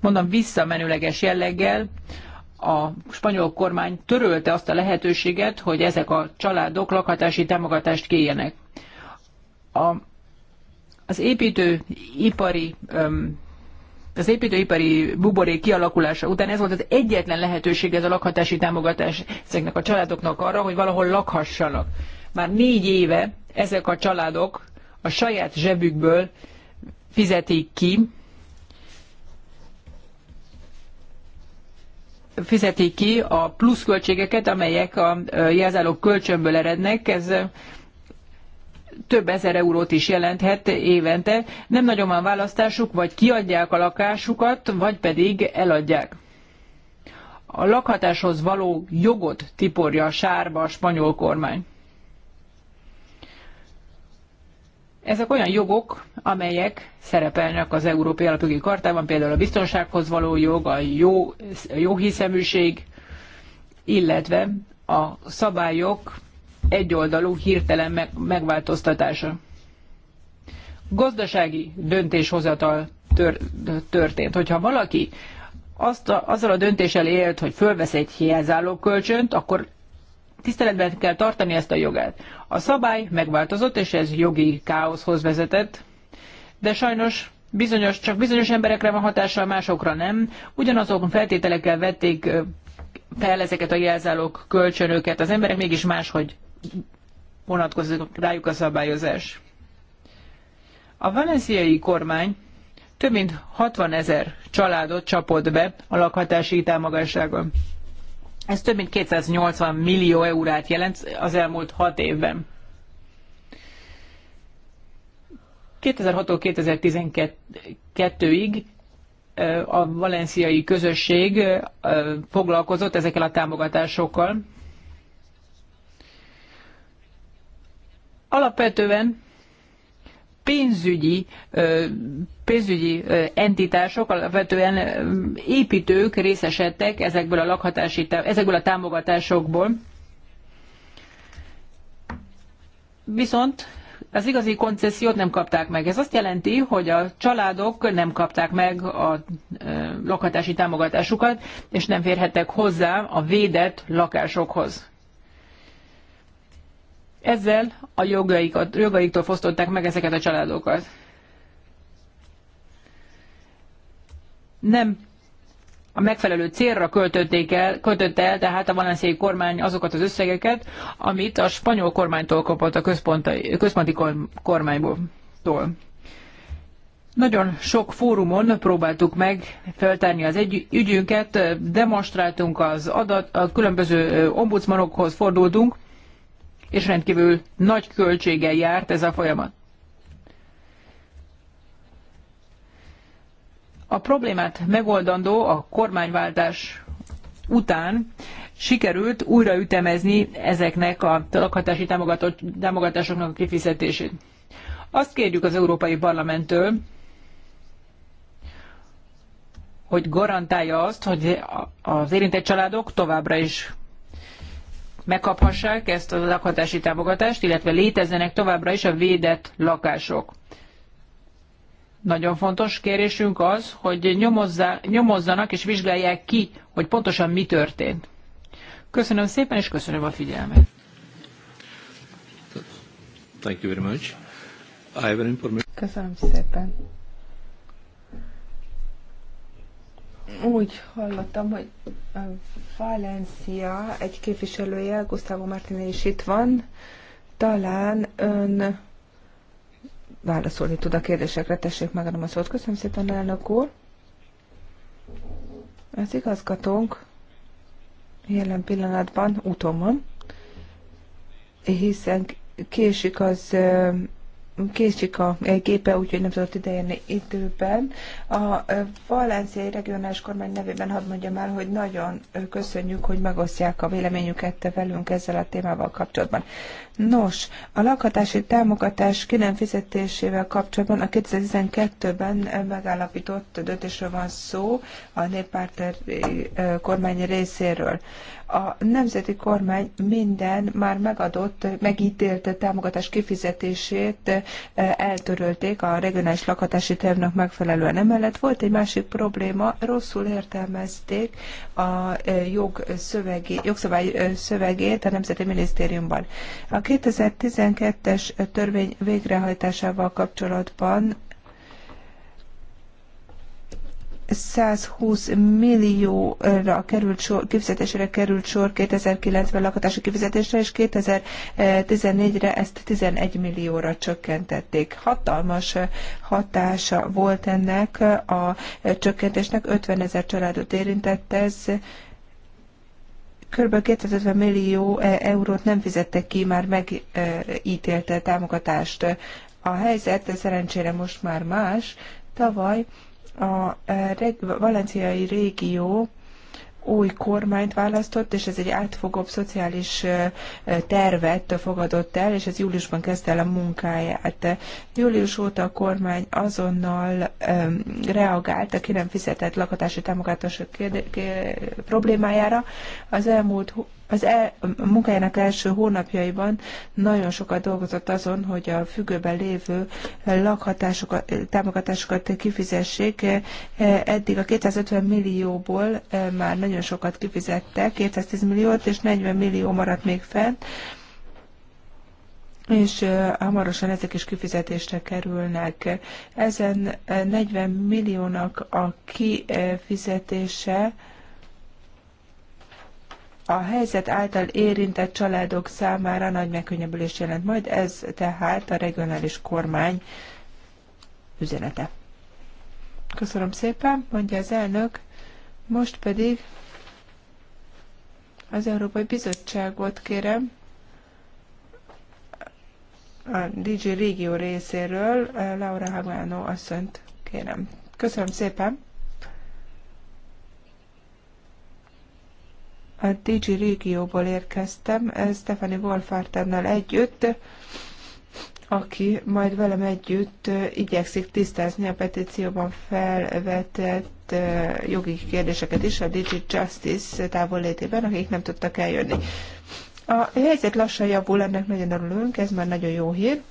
mondom visszamenőleges jelleggel, a spanyol kormány törölte azt a lehetőséget, hogy ezek a családok lakhatási támogatást kérjenek. A, az építő ipari öm, az építőipari buborék kialakulása után ez volt az egyetlen lehetőség ez a lakhatási támogatás ezeknek a családoknak arra, hogy valahol lakhassanak. Már négy éve ezek a családok a saját zsebükből fizetik ki, fizetik ki a pluszköltségeket, amelyek a jelzálók kölcsönből erednek. Ez több ezer eurót is jelenthet évente. Nem nagyon van választásuk, vagy kiadják a lakásukat, vagy pedig eladják. A lakhatáshoz való jogot tiporja a sárba a spanyol kormány. Ezek olyan jogok, amelyek szerepelnek az Európai Alapjogi Kartában, például a biztonsághoz való jog, a jó, a jó hiszeműség, illetve a szabályok egyoldalú, hirtelen megváltoztatása. Gazdasági döntéshozatal tör, történt. Hogyha valaki azt a, azzal a döntéssel élt, hogy fölvesz egy hiányzáló kölcsönt, akkor tiszteletben kell tartani ezt a jogát. A szabály megváltozott, és ez jogi káoszhoz vezetett, de sajnos bizonyos, csak bizonyos emberekre van hatással, másokra nem. Ugyanazok feltételekkel vették fel ezeket a jelzálók kölcsönöket, az emberek mégis máshogy vonatkozik rájuk a szabályozás. A valenciai kormány több mint 60 ezer családot csapott be a lakhatási támogatásában. Ez több mint 280 millió eurát jelent az elmúlt 6 évben. 2006 2012-ig a valenciai közösség foglalkozott ezekkel a támogatásokkal, Alapvetően pénzügyi, pénzügyi entitások, alapvetően építők részesedtek ezekből a lakhatási, ezekből a támogatásokból. Viszont az igazi koncesziót nem kapták meg. Ez azt jelenti, hogy a családok nem kapták meg a lakhatási támogatásukat, és nem férhettek hozzá a védett lakásokhoz. Ezzel a jogaikat, jogaiktól fosztották meg ezeket a családokat. Nem a megfelelő célra költötték el, költötte el tehát a valenciai kormány azokat az összegeket, amit a spanyol kormánytól kapott a központi kormányból. Nagyon sok fórumon próbáltuk meg feltárni az egy ügyünket, demonstráltunk az adat, a különböző ombudsmanokhoz fordultunk, és rendkívül nagy költséggel járt ez a folyamat. A problémát megoldandó a kormányváltás után sikerült újraütemezni ezeknek a lakhatási támogatásoknak a kifizetését. Azt kérjük az Európai Parlamenttől, hogy garantálja azt, hogy az érintett családok továbbra is megkaphassák ezt a lakhatási támogatást, illetve létezzenek továbbra is a védett lakások. Nagyon fontos kérésünk az, hogy nyomozza, nyomozzanak és vizsgálják ki, hogy pontosan mi történt. Köszönöm szépen, és köszönöm a figyelmet. Thank you very much. I have an information. Köszönöm szépen. Úgy hallottam, hogy Valencia egy képviselője, Gustavo Martínez is itt van. Talán ön válaszolni tud a kérdésekre. Tessék meg a szót. Köszönöm szépen, elnök úr. Az igazgatónk jelen pillanatban úton van, hiszen késik az késik a gépe, úgyhogy nem tudott ideérni időben. A Valenciai Regionális Kormány nevében hadd mondjam el, hogy nagyon köszönjük, hogy megosztják a véleményüket velünk ezzel a témával kapcsolatban. Nos, a lakhatási támogatás ki nem fizetésével kapcsolatban a 2012-ben megállapított döntésről van szó a néppárt kormány részéről a nemzeti kormány minden már megadott, megítélt támogatás kifizetését e, eltörölték a regionális lakhatási tervnek megfelelően. Emellett volt egy másik probléma, rosszul értelmezték a e, jogszövegi, jogszabály e, szövegét a Nemzeti Minisztériumban. A 2012-es törvény végrehajtásával kapcsolatban 120 millióra került sor, kifizetésre került sor 2009-ben lakatási kifizetésre, és 2014-re ezt 11 millióra csökkentették. Hatalmas hatása volt ennek a csökkentésnek, 50 ezer családot érintett ez, körülbelül 250 millió eurót nem fizettek ki már megítélte támogatást. A helyzet szerencsére most már más. Tavaly a e, valenciai régió új kormányt választott, és ez egy átfogóbb szociális e, e, tervet fogadott el, és ez júliusban kezdte el a munkáját. Július óta a kormány azonnal reagált a ki nem fizetett lakatási támogatások problémájára. Az elmúlt az el, a munkájának első hónapjaiban nagyon sokat dolgozott azon, hogy a függőben lévő lakhatásokat, támogatásokat kifizessék. Eddig a 250 millióból eh, már nagyon sokat kifizettek, 210 milliót, és 40 millió maradt még fent és eh, hamarosan ezek is kifizetésre kerülnek. Ezen 40 eh, milliónak a kifizetése a helyzet által érintett családok számára nagy megkönnyebbülés jelent majd, ez tehát a regionális kormány üzenete. Köszönöm szépen, mondja az elnök, most pedig az Európai Bizottságot kérem a DG Régió részéről, Laura Hagano asszonyt kérem. Köszönöm szépen! a Digi régióból érkeztem, eh, Stephanie Wolfartennel együtt, aki majd velem együtt eh, igyekszik tisztázni a petícióban felvetett eh, jogi kérdéseket is a Digi Justice távollétében, akik nem tudtak eljönni. A helyzet lassan javul, ennek nagyon örülünk, ez már nagyon jó hír.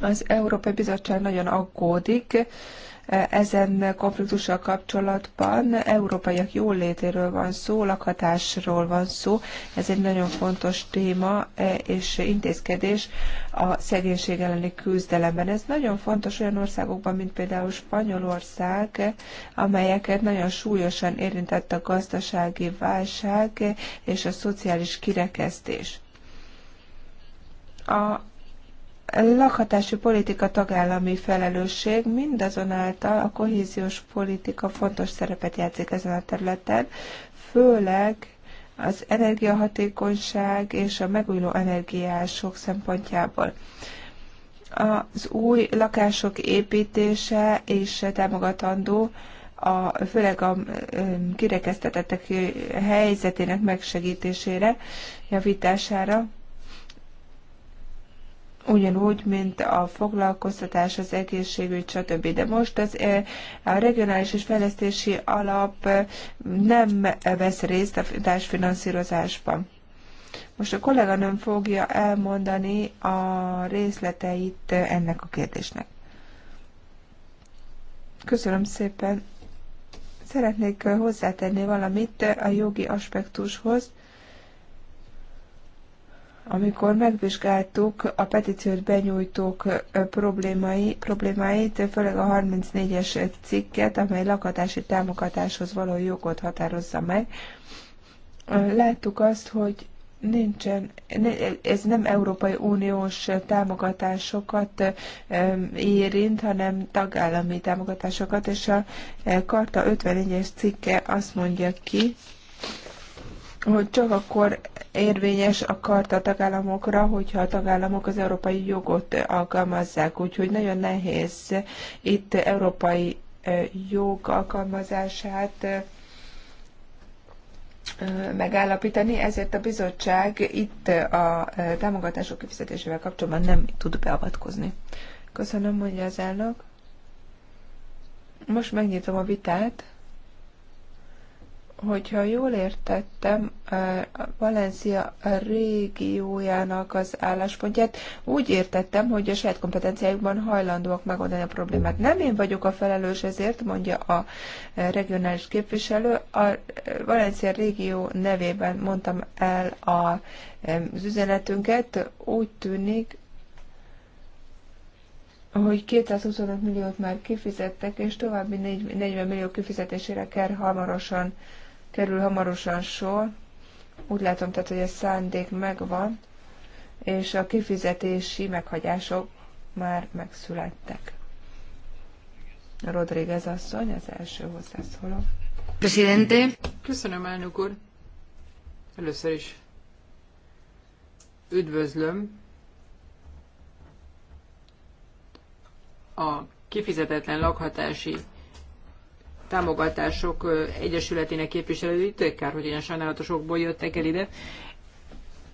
Az Európai Bizottság nagyon aggódik, ezen konfliktussal kapcsolatban európaiak jólétéről van szó, lakhatásról van szó. Ez egy nagyon fontos téma e, és intézkedés a szegénység elleni küzdelemben. Ez nagyon fontos olyan országokban, mint például Spanyolország, amelyeket nagyon súlyosan érintett a gazdasági válság és a szociális kirekesztés. A lakhatási politika tagállami felelősség, mindazonáltal a kohéziós politika fontos szerepet játszik ezen a területen, főleg az energiahatékonyság és a megújuló energiások szempontjából. Az új lakások építése és támogatandó, a, főleg a kirekesztetettek helyzetének megsegítésére, javítására, ugyanúgy, mint a foglalkoztatás, az egészségügy, stb. De most az, eh, a regionális és fejlesztési alap eh, nem vesz részt a társfinanszírozásban. Most a kolléganőm fogja elmondani a részleteit ennek a kérdésnek. Köszönöm szépen. Szeretnék eh, hozzátenni valamit a jogi aspektushoz amikor megvizsgáltuk a petíciót benyújtók problémái, problémáit, főleg a 34-es cikket, amely lakatási támogatáshoz való jogot határozza meg, láttuk azt, hogy nincsen, ez nem Európai Uniós támogatásokat érint, hanem tagállami támogatásokat, és a Karta 54-es cikke azt mondja ki, hogy csak akkor érvényes a karta a tagállamokra, hogyha a tagállamok az európai jogot alkalmazzák. Úgyhogy nagyon nehéz itt európai jog alkalmazását megállapítani, ezért a bizottság itt a támogatások kifizetésével kapcsolatban nem tud beavatkozni. Köszönöm, mondja az elnök. Most megnyitom a vitát hogyha jól értettem, Valencia régiójának az álláspontját, úgy értettem, hogy a saját kompetenciájukban hajlandóak megoldani a problémát. Nem én vagyok a felelős ezért, mondja a regionális képviselő. A Valencia régió nevében mondtam el az üzenetünket. Úgy tűnik, hogy 225 milliót már kifizettek, és további 40 millió kifizetésére kell hamarosan kerül hamarosan sor. Úgy látom tehát, hogy a szándék megvan, és a kifizetési meghagyások már megszülettek. Rodríguez asszony, az első hozzászóló. Presidente. Köszönöm, elnök úr. Először is üdvözlöm a kifizetetlen lakhatási támogatások egyesületének képviselőit, kár, hogy ilyen sajnálatosokból jöttek el ide.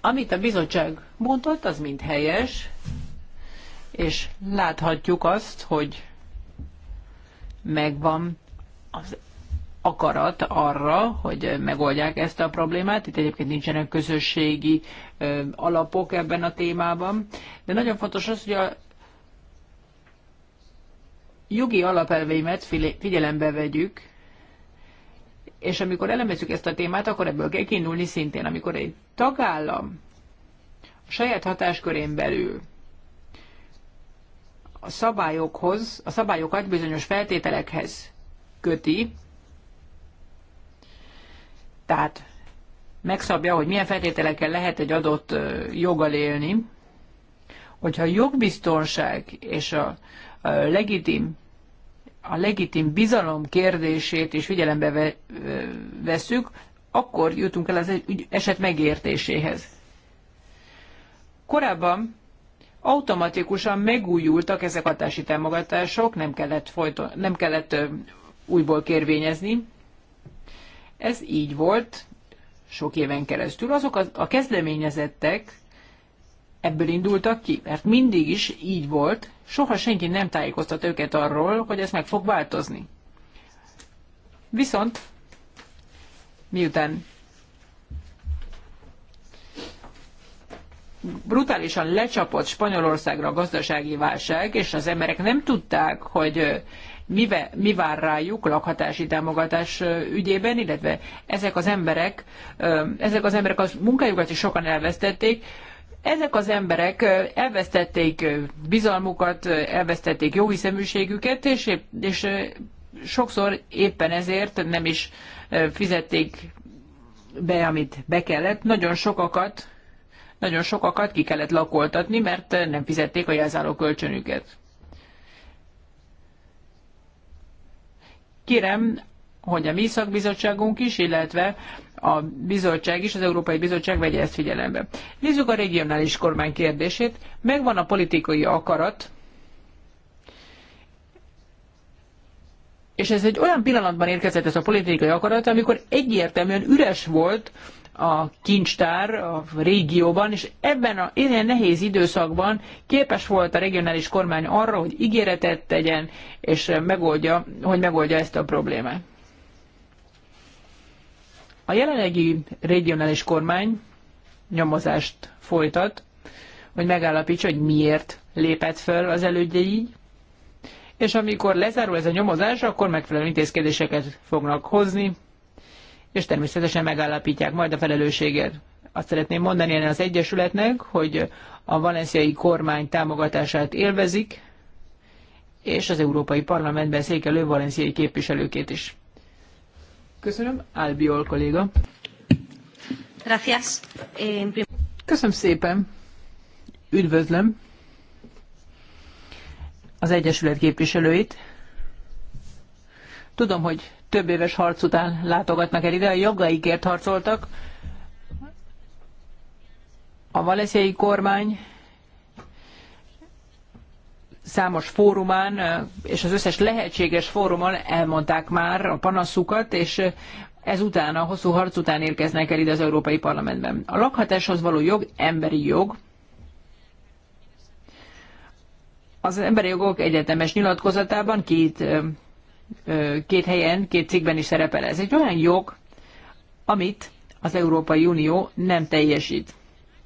Amit a bizottság mondott, az mind helyes, és láthatjuk azt, hogy megvan az akarat arra, hogy megoldják ezt a problémát. Itt egyébként nincsenek közösségi alapok ebben a témában. De nagyon fontos az, hogy a jogi alapelveimet figyelembe vegyük, és amikor elemezzük ezt a témát, akkor ebből kell kiindulni szintén, amikor egy tagállam a saját hatáskörén belül a szabályokhoz, a szabályokat bizonyos feltételekhez köti, tehát megszabja, hogy milyen feltételekkel lehet egy adott joggal élni, hogyha a jogbiztonság és a legitim a legitim bizalom kérdését is figyelembe veszük, akkor jutunk el az eset megértéséhez. Korábban automatikusan megújultak ezek a társi támogatások, nem kellett, folyton, nem kellett újból kérvényezni. Ez így volt sok éven keresztül. Azok a, a kezdeményezettek, ebből indultak ki, mert mindig is így volt, soha senki nem tájékoztat őket arról, hogy ez meg fog változni. Viszont, miután brutálisan lecsapott Spanyolországra a gazdasági válság, és az emberek nem tudták, hogy mive, mi vár rájuk lakhatási támogatás ügyében, illetve ezek az emberek, ezek az emberek a munkájukat is sokan elvesztették, ezek az emberek elvesztették bizalmukat, elvesztették jóhiszeműségüket, és, és sokszor éppen ezért nem is fizették be, amit be kellett. Nagyon sokakat, nagyon sokakat ki kellett lakoltatni, mert nem fizették a jelzáló kölcsönüket. Kérem, hogy a mi szakbizottságunk is, illetve a bizottság is, az Európai Bizottság vegye ezt figyelembe. Nézzük a regionális kormány kérdését. Megvan a politikai akarat, és ez egy olyan pillanatban érkezett ez a politikai akarat, amikor egyértelműen üres volt a kincstár a régióban, és ebben a ilyen nehéz időszakban képes volt a regionális kormány arra, hogy ígéretet tegyen, és megoldja, hogy megoldja ezt a problémát. A jelenlegi regionális kormány nyomozást folytat, hogy megállapítsa, hogy miért lépett föl az elődje így, és amikor lezárul ez a nyomozás, akkor megfelelő intézkedéseket fognak hozni, és természetesen megállapítják majd a felelősséget. Azt szeretném mondani ennek az Egyesületnek, hogy a valenciai kormány támogatását élvezik, és az Európai Parlamentben székelő valenciai képviselőkét is. Köszönöm. Albiol kolléga. Gracias. Eh, Köszönöm szépen. Üdvözlöm az Egyesület képviselőit. Tudom, hogy több éves harc után látogatnak el ide, a jogaikért harcoltak. A valesziai kormány számos fórumán és az összes lehetséges fórumon elmondták már a panaszukat, és ezután, a hosszú harc után érkeznek el ide az Európai Parlamentben. A lakhatáshoz való jog emberi jog. Az emberi jogok egyetemes nyilatkozatában két, két helyen, két cikkben is szerepel. Ez egy olyan jog, amit az Európai Unió nem teljesít.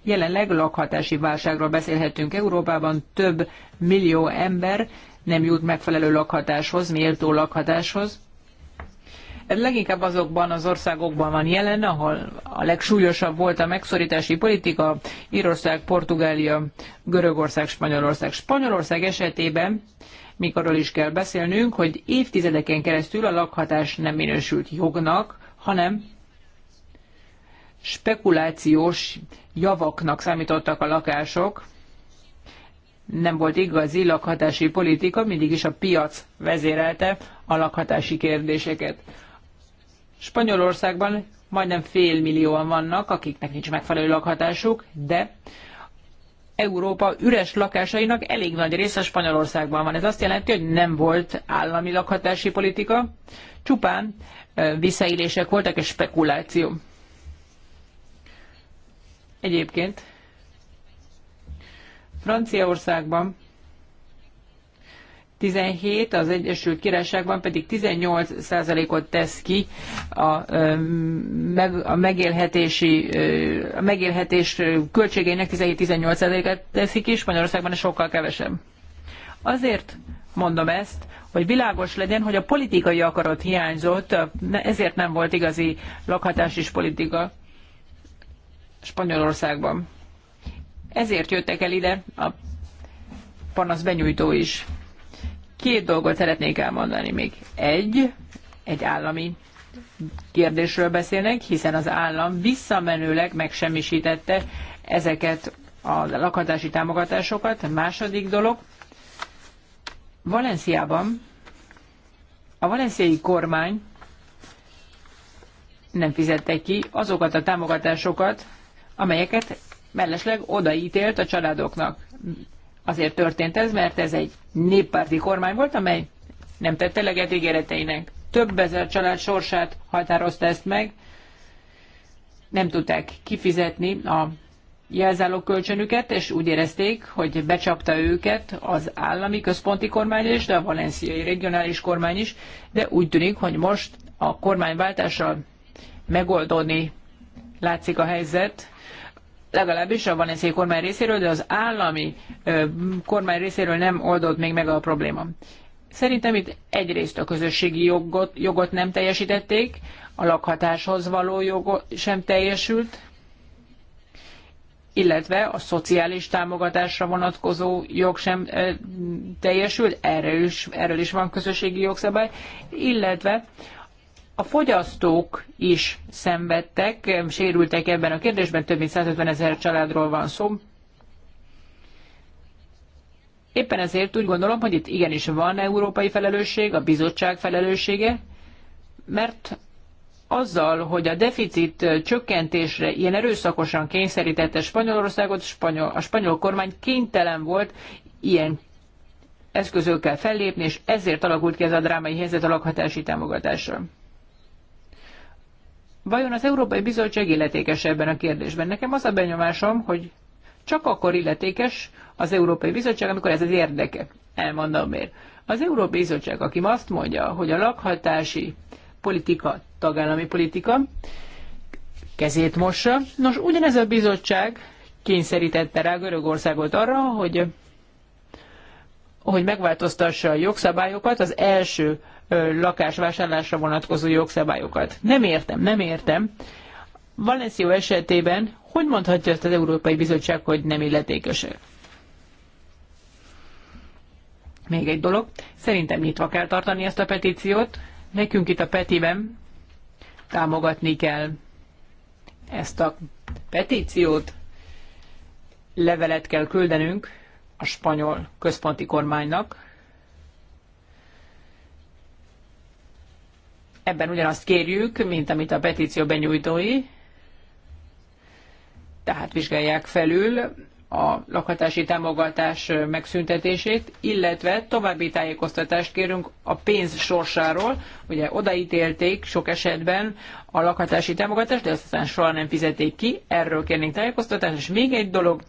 Jelenleg lakhatási válságról beszélhetünk Európában, több millió ember nem jut megfelelő lakhatáshoz, méltó lakhatáshoz. Ez leginkább azokban az országokban van jelen, ahol a legsúlyosabb volt a megszorítási politika, Írország, Portugália, Görögország, Spanyolország. Spanyolország esetében mikorról is kell beszélnünk, hogy évtizedeken keresztül a lakhatás nem minősült jognak, hanem spekulációs javaknak számítottak a lakások, nem volt igazi lakhatási politika, mindig is a piac vezérelte a lakhatási kérdéseket. Spanyolországban majdnem fél millióan vannak, akiknek nincs megfelelő lakhatásuk, de Európa üres lakásainak elég nagy része Spanyolországban van. Ez azt jelenti, hogy nem volt állami lakhatási politika, csupán visszaélések voltak és spekuláció. Egyébként Franciaországban 17, az Egyesült Királyságban pedig 18 százalékot tesz ki a, a megélhetési a megélhetés költségeinek 17-18 százalékát teszik Magyarországban ez sokkal kevesebb. Azért mondom ezt, hogy világos legyen, hogy a politikai akarat hiányzott, ezért nem volt igazi lakhatásis politika. Spanyolországban. Ezért jöttek el ide a panasz benyújtó is. Két dolgot szeretnék elmondani még. Egy, egy állami kérdésről beszélnek, hiszen az állam visszamenőleg megsemmisítette ezeket a lakhatási támogatásokat. Második dolog, Valenciában a valenciai kormány nem fizette ki azokat a támogatásokat, amelyeket mellesleg odaítélt a családoknak. Azért történt ez, mert ez egy néppárti kormány volt, amely nem tette eleget ígéreteinek. Több ezer család sorsát határozta ezt meg, nem tudták kifizetni a jelzáló kölcsönüket, és úgy érezték, hogy becsapta őket az állami központi kormány is, de a valenciai regionális kormány is, de úgy tűnik, hogy most a kormányváltással megoldódni látszik a helyzet, legalábbis a valenciai kormány részéről, de az állami kormány részéről nem oldott még meg a probléma. Szerintem itt egyrészt a közösségi jogot, jogot nem teljesítették, a lakhatáshoz való jog sem teljesült, illetve a szociális támogatásra vonatkozó jog sem ö, teljesült, erről is, erről is van közösségi jogszabály, illetve a fogyasztók is szenvedtek, sérültek ebben a kérdésben, több mint 150 ezer családról van szó. Éppen ezért úgy gondolom, hogy itt igenis van európai felelősség, a bizottság felelőssége, mert azzal, hogy a deficit csökkentésre ilyen erőszakosan kényszerítette Spanyolországot, spanyol, a spanyol kormány kénytelen volt ilyen eszközökkel fellépni, és ezért alakult ki ez a drámai helyzet a lakhatási támogatásra. Vajon az Európai Bizottság illetékes ebben a kérdésben? Nekem az a benyomásom, hogy csak akkor illetékes az Európai Bizottság, amikor ez az érdeke. Elmondom miért. Az Európai Bizottság, aki azt mondja, hogy a lakhatási politika, tagállami politika, kezét mossa. Nos, ugyanez a bizottság kényszerítette rá Görögországot arra, hogy hogy megváltoztassa a jogszabályokat, az első lakásvásárlásra vonatkozó jogszabályokat. Nem értem, nem értem. Valenció esetében hogy mondhatja ezt az Európai Bizottság, hogy nem illetékesek? Még egy dolog, szerintem nyitva kell tartani ezt a petíciót, nekünk itt a Petiben támogatni kell ezt a petíciót, levelet kell küldenünk a spanyol központi kormánynak. Ebben ugyanazt kérjük, mint amit a petíció benyújtói, tehát vizsgálják felül a lakhatási támogatás megszüntetését, illetve további tájékoztatást kérünk a pénz sorsáról. Ugye odaítélték sok esetben a lakhatási támogatást, de aztán soha nem fizették ki. Erről kérnénk tájékoztatást, és még egy dolog,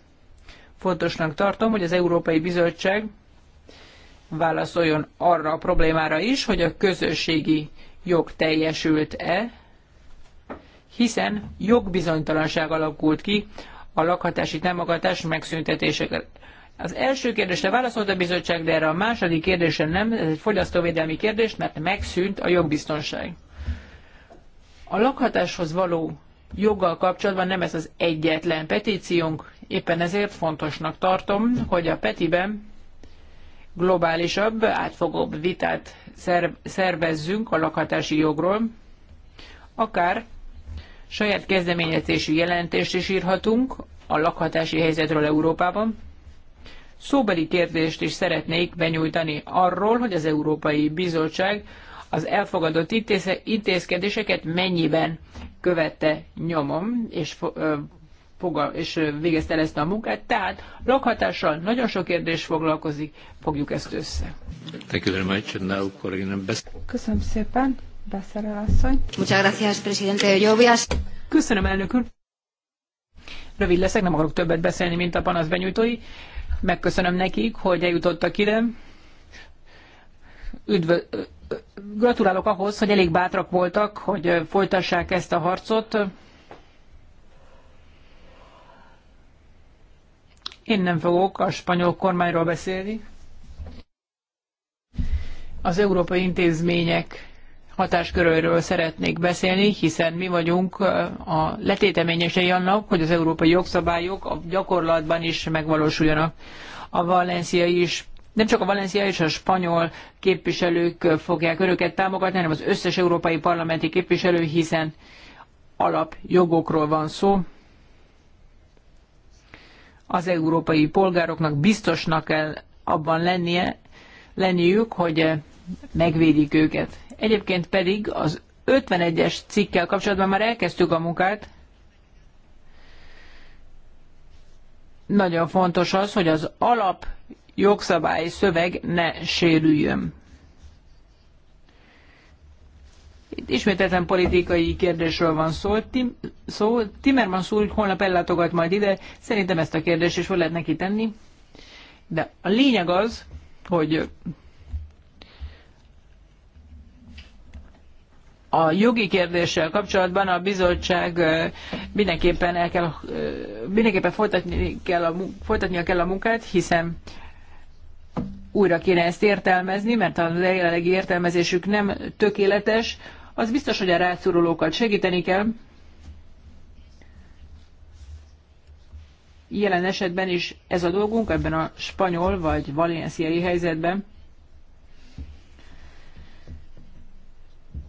Fontosnak tartom, hogy az Európai Bizottság válaszoljon arra a problémára is, hogy a közösségi jog teljesült-e, hiszen jogbizonytalanság alakult ki a lakhatási támogatás megszüntetésekor. Az első kérdésre válaszolt a bizottság, de erre a második kérdésre nem, ez egy fogyasztóvédelmi kérdés, mert megszűnt a jogbiztonság. A lakhatáshoz való joggal kapcsolatban nem ez az egyetlen petíciónk, Éppen ezért fontosnak tartom, hogy a Petiben globálisabb, átfogóbb vitát szervezzünk a lakhatási jogról, akár saját kezdeményezésű jelentést is írhatunk a lakhatási helyzetről Európában. Szóbeli kérdést is szeretnék benyújtani arról, hogy az Európai Bizottság az elfogadott intézkedéseket mennyiben követte nyomon, és fogal, és végezte ezt a munkát, tehát lakhatással nagyon sok kérdés foglalkozik, fogjuk ezt össze. Thank you very much. Köszönöm szépen, Beszerel asszony. Muchas gracias, presidente. Köszönöm, elnök úr. Rövid leszek, nem akarok többet beszélni, mint a panasz benyújtói. Megköszönöm nekik, hogy eljutottak ide. Üdv gratulálok ahhoz, hogy elég bátrak voltak, hogy folytassák ezt a harcot Én nem fogok a spanyol kormányról beszélni. Az európai intézmények hatásköröről szeretnék beszélni, hiszen mi vagyunk a letéteményesei annak, hogy az európai jogszabályok a gyakorlatban is megvalósuljanak. A valenciai is nem csak a valenciai és a spanyol képviselők fogják öröket támogatni, hanem az összes európai parlamenti képviselő, hiszen alapjogokról van szó, az európai polgároknak biztosnak kell abban lennie, lenniük, hogy eh, megvédik őket. Egyébként pedig az 51-es cikkkel kapcsolatban már elkezdtük a munkát. Nagyon fontos az, hogy az alap jogszabályi szöveg ne sérüljön. Itt ismételten politikai kérdésről van szó. Tim, szó Timmermans úr holnap ellátogat majd ide. Szerintem ezt a kérdést is fel lehet neki tenni. De a lényeg az, hogy a jogi kérdéssel kapcsolatban a bizottság mindenképpen, el kell, mindenképpen folytatni kell a, folytatnia kell a munkát, hiszen újra kéne ezt értelmezni, mert a jelenlegi értelmezésük nem tökéletes az biztos, hogy a rászorulókat segíteni kell. Jelen esetben is ez a dolgunk, ebben a spanyol vagy valenciai helyzetben.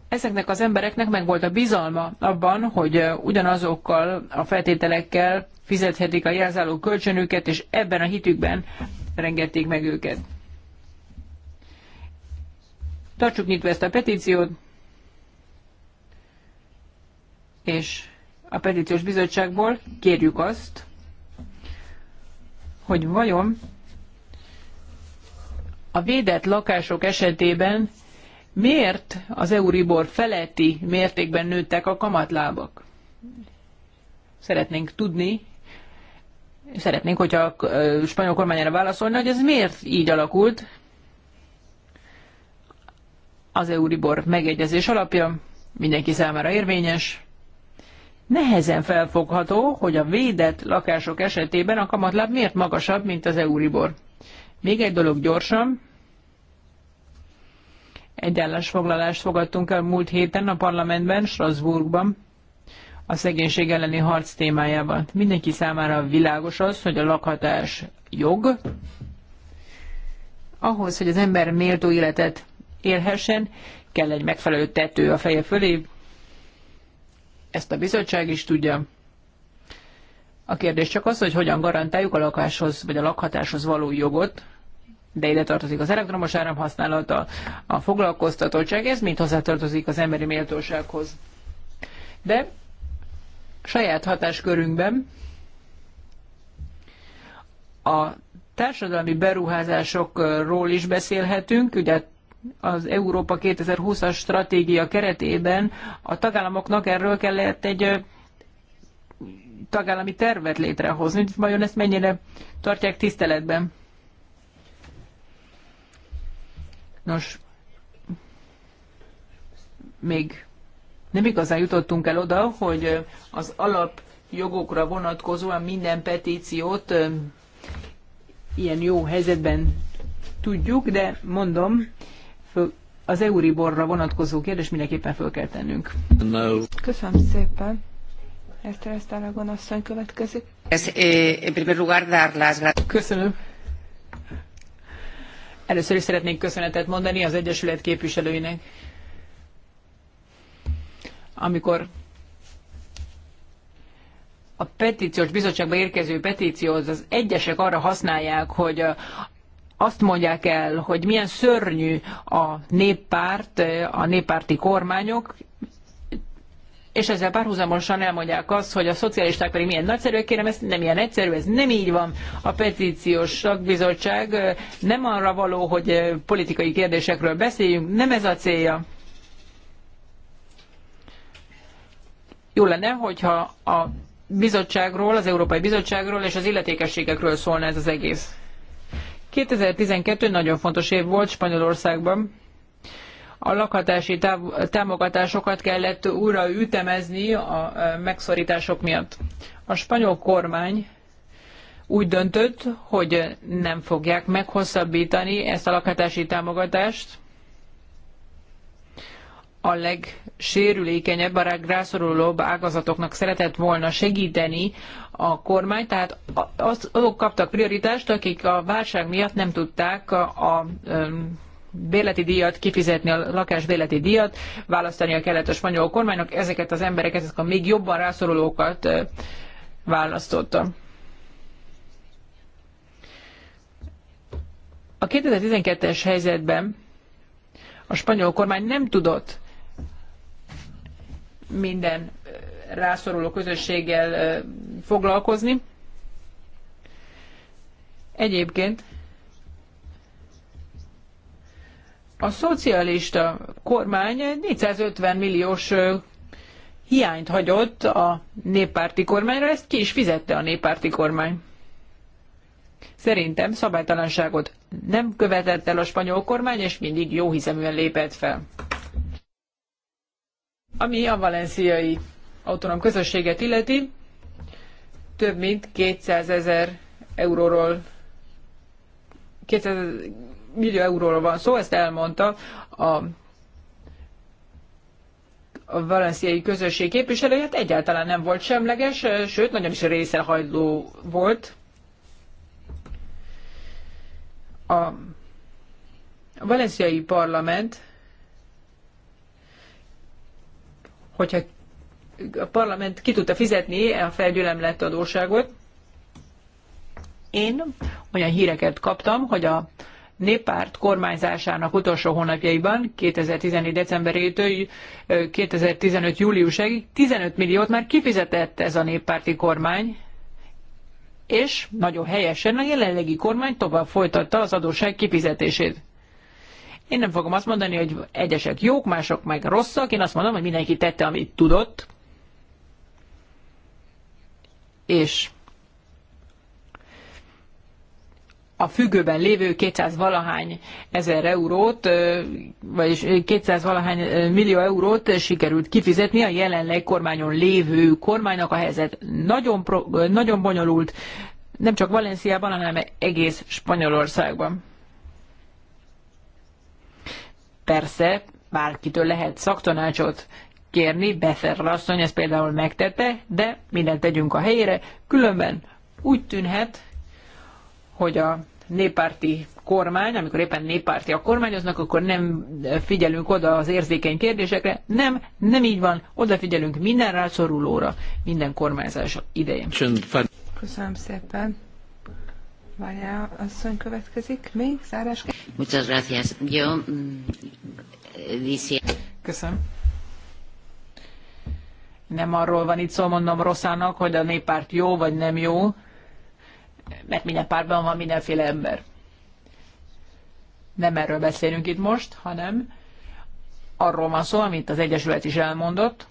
Ezeknek az embereknek meg volt a bizalma abban, hogy ugyanazokkal a feltételekkel fizethetik a jelzáló kölcsönüket, és ebben a hitükben rengették meg őket. Tartsuk nyitva ezt a petíciót, és a petíciós bizottságból kérjük azt, hogy vajon a védett lakások esetében miért az Euribor feletti mértékben nőttek a kamatlábak? Szeretnénk tudni, szeretnénk, hogyha a spanyol kormányára válaszolna, hogy ez miért így alakult az Euribor megegyezés alapja, mindenki számára érvényes, Nehezen felfogható, hogy a védett lakások esetében a kamatláb miért magasabb, mint az Euribor. Még egy dolog gyorsan. Egy állásfoglalást fogadtunk el múlt héten a parlamentben, Strasbourgban, a szegénység elleni harc témájában. Mindenki számára világos az, hogy a lakhatás jog. Ahhoz, hogy az ember méltó életet élhessen, kell egy megfelelő tető a feje fölé, ezt a bizottság is tudja. A kérdés csak az, hogy hogyan garantáljuk a lakáshoz vagy a lakhatáshoz való jogot, de ide tartozik az elektromos áramhasználata, a foglalkoztatottság, ez mind hozzátartozik az emberi méltósághoz. De saját hatáskörünkben a társadalmi beruházásokról is beszélhetünk, ugye az Európa 2020-as stratégia keretében a tagállamoknak erről kellett egy tagállami tervet létrehozni. Vajon ezt mennyire tartják tiszteletben? Nos, még nem igazán jutottunk el oda, hogy az alapjogokra vonatkozóan minden petíciót ilyen jó helyzetben tudjuk, de mondom, föl, az Euriborra vonatkozó kérdés mindenképpen föl kell tennünk. No. Köszönöm szépen. Eszter Esztáragon asszony következik. Eh, Köszönöm. Először is szeretnék köszönetet mondani az Egyesület képviselőinek. Amikor a petíciós bizottságba érkező petíciót az egyesek arra használják, hogy azt mondják el, hogy milyen szörnyű a néppárt, a néppárti kormányok, és ezzel párhuzamosan elmondják azt, hogy a szocialisták pedig milyen nagyszerűek, kérem, ez nem ilyen egyszerű, ez nem így van. A petíciós szakbizottság nem arra való, hogy politikai kérdésekről beszéljünk, nem ez a célja. Jó lenne, hogyha a bizottságról, az Európai Bizottságról és az illetékességekről szólna ez az egész. 2012 nagyon fontos év volt Spanyolországban. A lakhatási támogatásokat kellett újra ütemezni a e, megszorítások miatt. A spanyol kormány úgy döntött, hogy nem fogják meghosszabbítani ezt a lakhatási támogatást, a legsérülékenyebb, a legrászorulóbb ágazatoknak szeretett volna segíteni a kormány, tehát azok kaptak prioritást, akik a válság miatt nem tudták a, a bérleti díjat, kifizetni a lakás bérleti díjat, választania kellett a spanyol kormánynak, ezeket az embereket, ezek a még jobban rászorulókat választotta. A 2012-es helyzetben a spanyol kormány nem tudott minden rászoruló közösséggel foglalkozni. Egyébként a szocialista kormány 450 milliós hiányt hagyott a néppárti kormányra, ezt ki is fizette a néppárti kormány. Szerintem szabálytalanságot nem követett el a spanyol kormány, és mindig jóhiszeműen lépett fel. Ami a valenciai autonóm közösséget illeti, több mint 200 ezer euróról 200 millió euróról van szó, ezt elmondta a a valenciai közösség képviselője hát egyáltalán nem volt semleges, sőt, nagyon is részehajló volt. A valenciai parlament hogyha a parlament ki tudta fizetni a felgyülemlett adóságot. Én olyan híreket kaptam, hogy a néppárt kormányzásának utolsó hónapjaiban, 2014. decemberétől 2015. júliusig 15 milliót már kifizetett ez a néppárti kormány, és nagyon helyesen a jelenlegi kormány tovább folytatta az adósság kifizetését. Én nem fogom azt mondani, hogy egyesek jók, mások meg rosszak. Én azt mondom, hogy mindenki tette, amit tudott. És a függőben lévő 200 valahány ezer eurót, vagyis 200 valahány millió eurót sikerült kifizetni a jelenleg kormányon lévő kormánynak. A helyzet nagyon, nagyon bonyolult, nem csak Valenciában, hanem egész Spanyolországban. Persze, bárkitől lehet szaktanácsot kérni, Beferra asszony ezt például megtette, de mindent tegyünk a helyére, különben úgy tűnhet, hogy a néppárti kormány, amikor éppen néppárti a kormányoznak, akkor nem figyelünk oda az érzékeny kérdésekre. Nem, nem így van, odafigyelünk minden rászorulóra, minden kormányzása idején. Köszönöm szépen. Várjál, asszony következik. Még zárás? Muchas gracias. Yo, mm, Köszönöm. Nem arról van itt szó, mondom Rosszának, hogy a néppárt jó vagy nem jó, mert minden pártban van mindenféle ember. Nem erről beszélünk itt most, hanem arról van szó, amit az Egyesület is elmondott,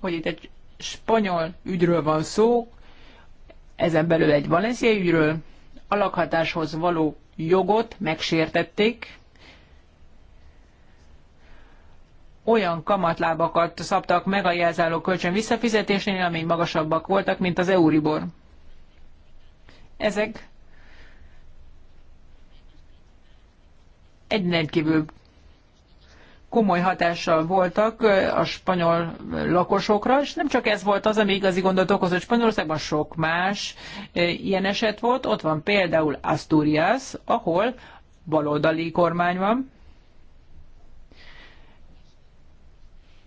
hogy itt egy spanyol ügyről van szó, ezen belül egy valenciai ügyről, a lakhatáshoz való jogot megsértették, olyan kamatlábakat szabtak meg a jelzáló kölcsön visszafizetésnél, amely magasabbak voltak, mint az Euribor. Ezek egy rendkívül komoly hatással voltak a spanyol lakosokra, és nem csak ez volt az, ami igazi gondot okozott Spanyolországban, sok más ilyen eset volt. Ott van például Asturias, ahol baloldali kormány van,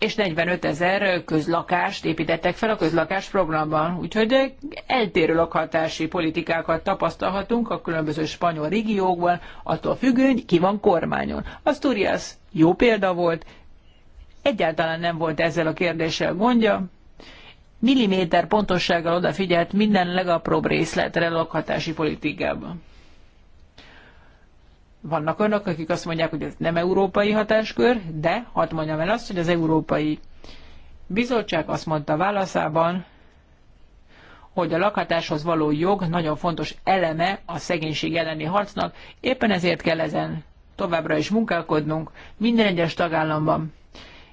és 45 ezer közlakást építettek fel a közlakás programban. Úgyhogy eltérő lakhatási politikákat tapasztalhatunk a különböző spanyol régiókban, attól függően, hogy ki van kormányon. Asturias jó példa volt, egyáltalán nem volt ezzel a kérdéssel gondja, milliméter pontossággal odafigyelt minden legapróbb részletre lakhatási politikában. Vannak önök, akik azt mondják, hogy ez nem európai hatáskör, de hadd mondjam el azt, hogy az Európai Bizottság azt mondta válaszában, hogy a lakhatáshoz való jog nagyon fontos eleme a szegénység elleni harcnak, éppen ezért kell ezen továbbra is munkálkodnunk minden egyes tagállamban,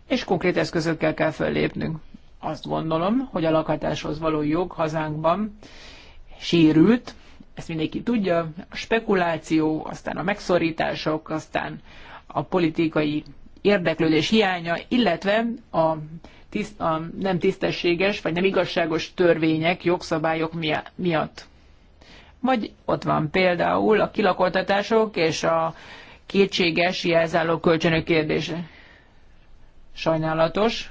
és konkrét eszközökkel kell fellépnünk. Azt gondolom, hogy a lakhatáshoz való jog hazánkban sérült, ezt mindenki tudja, a spekuláció, aztán a megszorítások, aztán a politikai érdeklődés hiánya, illetve a, tiszt, a nem tisztességes vagy nem igazságos törvények, jogszabályok miatt. Vagy ott van például a kilakoltatások és a kétséges jelzálló kölcsönök kérdése. Sajnálatos,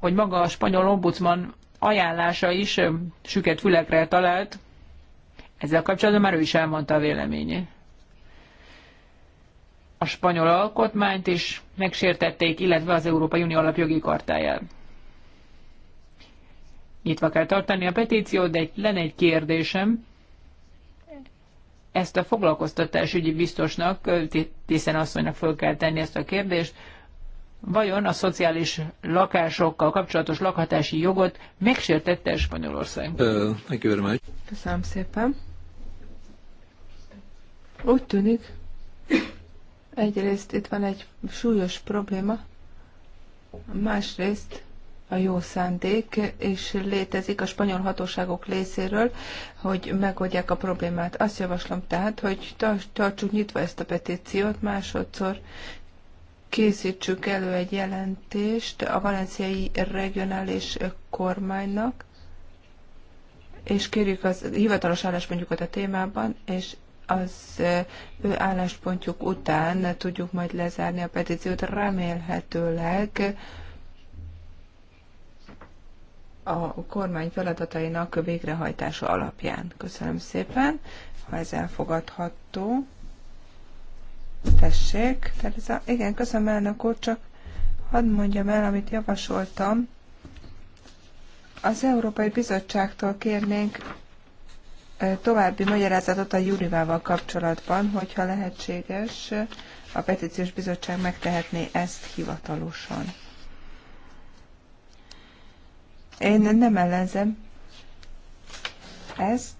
hogy maga a spanyol ombudsman ajánlása is süket fülekre talált, ezzel kapcsolatban már ő is elmondta a véleményét. A spanyol alkotmányt is megsértették, illetve az Európai Unió alapjogi kartáját. Nyitva kell tartani a petíciót, de lenne egy kérdésem. Ezt a foglalkoztatásügyi biztosnak, Tiszen asszonynak föl kell tenni ezt a kérdést, vajon a szociális lakásokkal kapcsolatos lakhatási jogot megsértette Spanyolország? Uh, Köszönöm szépen. Úgy tűnik, egyrészt itt van egy súlyos probléma, másrészt a jó szándék, és létezik a spanyol hatóságok részéről, hogy megoldják a problémát. Azt javaslom tehát, hogy tartsuk nyitva ezt a petíciót, másodszor készítsük elő egy jelentést a valenciai regionális kormánynak, és kérjük az hivatalos álláspontjukat a témában, és az ő álláspontjuk után tudjuk majd lezárni a petíciót. Remélhetőleg a kormány feladatainak végrehajtása alapján. Köszönöm szépen, ha ez elfogadható. Tessék, Tereza. Igen, köszönöm elnök úr, csak hadd mondjam el, amit javasoltam. Az Európai Bizottságtól kérnénk további magyarázatot a Jurivával kapcsolatban, hogyha lehetséges, a petíciós bizottság megtehetné ezt hivatalosan. Én nem ellenzem ezt,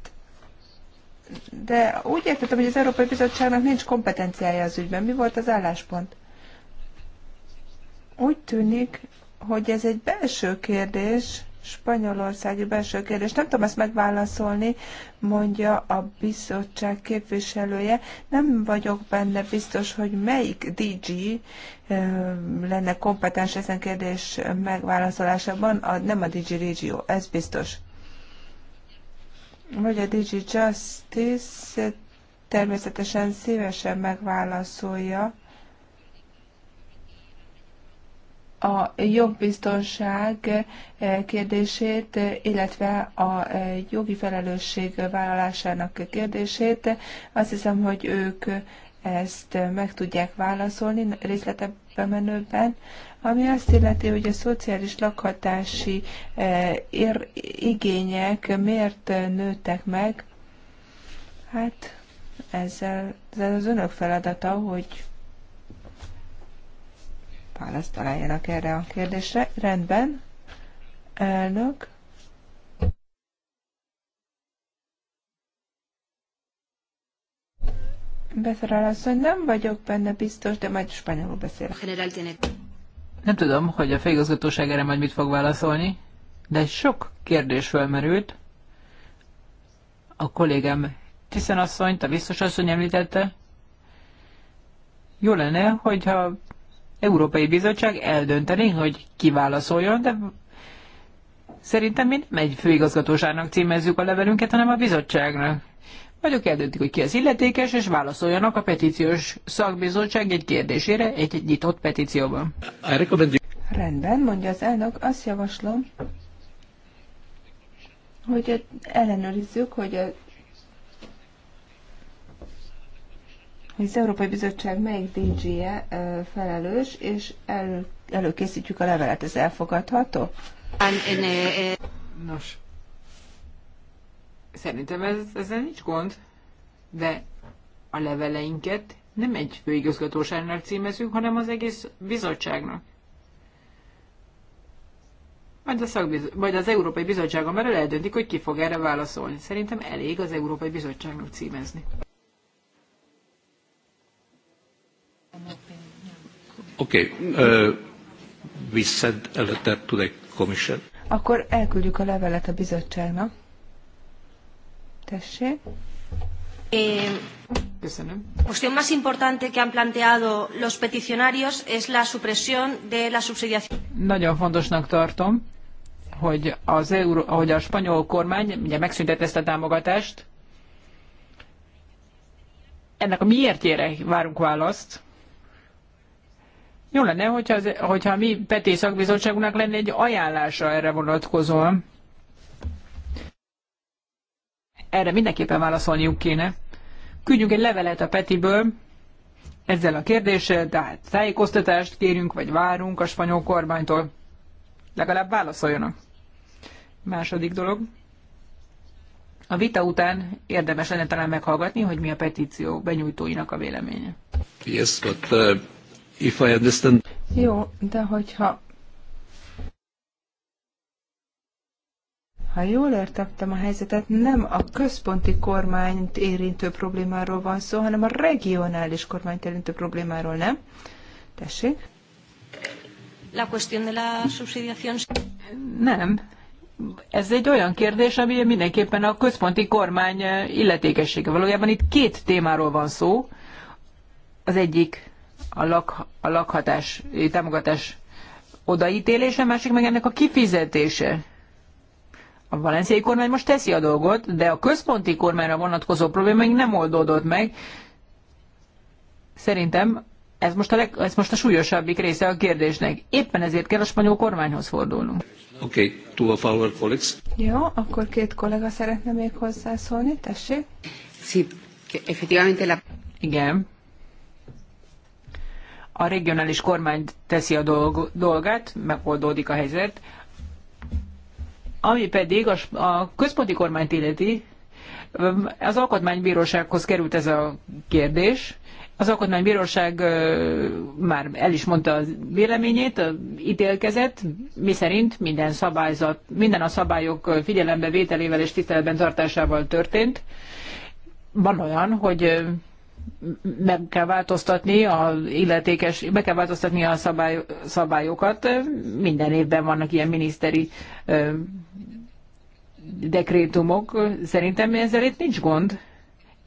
de úgy értettem, hogy az Európai Bizottságnak nincs kompetenciája az ügyben. Mi volt az álláspont? Úgy tűnik, hogy ez egy belső kérdés, spanyolországi belső kérdés. Nem tudom ezt megválaszolni, mondja a bizottság képviselője. Nem vagyok benne biztos, hogy melyik DG lenne kompetens ezen kérdés megválaszolásában, a, nem a DG Regio, ez biztos. Vagy a DG Justice természetesen szívesen megválaszolja a jogbiztonság eh, kérdését, illetve a eh, jogi felelősség vállalásának kérdését. Azt hiszem, hogy ők ezt meg tudják válaszolni részletebben menőben, ami azt illeti, hogy a szociális lakhatási eh, ér, igények miért nőttek meg. Hát ezzel, ez az önök feladata, hogy választ találjanak erre a kérdésre. Rendben. Elnök. Beszerel hogy nem vagyok benne biztos, de majd spanyolul beszélek. Nem tudom, hogy a főigazgatóság erre majd mit fog válaszolni, de sok kérdés felmerült. A kollégám Tiszen asszonyt, a biztos asszony említette. Jó lenne, hogyha Európai Bizottság eldönteni, hogy kiválaszoljon, de szerintem mi nem egy főigazgatóságnak címezzük a levelünket, hanem a bizottságnak. Vagyok eldöntik, hogy ki az illetékes, és válaszoljanak a petíciós szakbizottság egy kérdésére egy, nyitott petícióban. Rendben, mondja az elnök, azt javaslom, hogy ellenőrizzük, hogy a hogy az Európai Bizottság melyik DG-je felelős, és el, előkészítjük a levelet, ez elfogadható? Nos, szerintem ez, ezzel nincs gond, de a leveleinket nem egy főigazgatóságnak címezünk, hanem az egész bizottságnak. Majd, a szakbiz- majd az Európai Bizottságon belül eldöntik, hogy ki fog erre válaszolni. Szerintem elég az Európai Bizottságnak címezni. Oké, okay. uh, we a letter Akkor elküldjük a levelet a bizottságnak. Tessék. Eh, cuestión más importante que han planteado los peticionarios es la supresión de la subsidiación. Nagyon fontosnak tartom, hogy, az Euró, hogy a spanyol kormány ugye megszüntette ezt a támogatást. Ennek a miértjére várunk választ. Jó lenne, hogyha, az, hogyha mi Peti Szakbizottságunknak lenne egy ajánlása erre vonatkozóan. Erre mindenképpen válaszolniuk kéne. Küldjünk egy levelet a Petiből ezzel a kérdéssel, tehát tájékoztatást kérünk, vagy várunk a spanyol kormánytól. Legalább válaszoljanak. Második dolog. A vita után érdemes lenne talán meghallgatni, hogy mi a petíció benyújtóinak a véleménye. Yes, but, uh if I understand... Jó, de hogyha... Ha jól értettem a helyzetet, nem a központi kormányt érintő problémáról van szó, hanem a regionális kormányt érintő problémáról, nem? Tessék? La cuestión de la subsidiación... Nem. Ez egy olyan kérdés, ami mindenképpen a központi kormány illetékessége. Valójában itt két témáról van szó. Az egyik a, lak, a lakhatás eh, támogatás odaítélése, másik meg ennek a kifizetése. A valenciai kormány most teszi a dolgot, de a központi kormányra vonatkozó probléma még nem oldódott meg. Szerintem ez most a, leg, ez most a súlyosabbik része a kérdésnek. Éppen ezért kell a spanyol kormányhoz fordulnunk. Oké, okay, two of our Jó, akkor két kollega szeretne még hozzászólni, tessék. Sí, efectivamente la... Igen, a regionális kormány teszi a dolgát, megoldódik a helyzet. Ami pedig a, a központi kormányt illeti, az alkotmánybírósághoz került ez a kérdés. Az alkotmánybíróság már el is mondta a véleményét, ítélkezett, mi szerint minden, szabályzat, minden a szabályok figyelembe vételével és tiszteletben tartásával történt. Van olyan, hogy meg kell változtatni a illetékes, meg kell változtatni a szabály, szabályokat. Minden évben vannak ilyen miniszteri ö, dekrétumok. Szerintem ezzel itt nincs gond.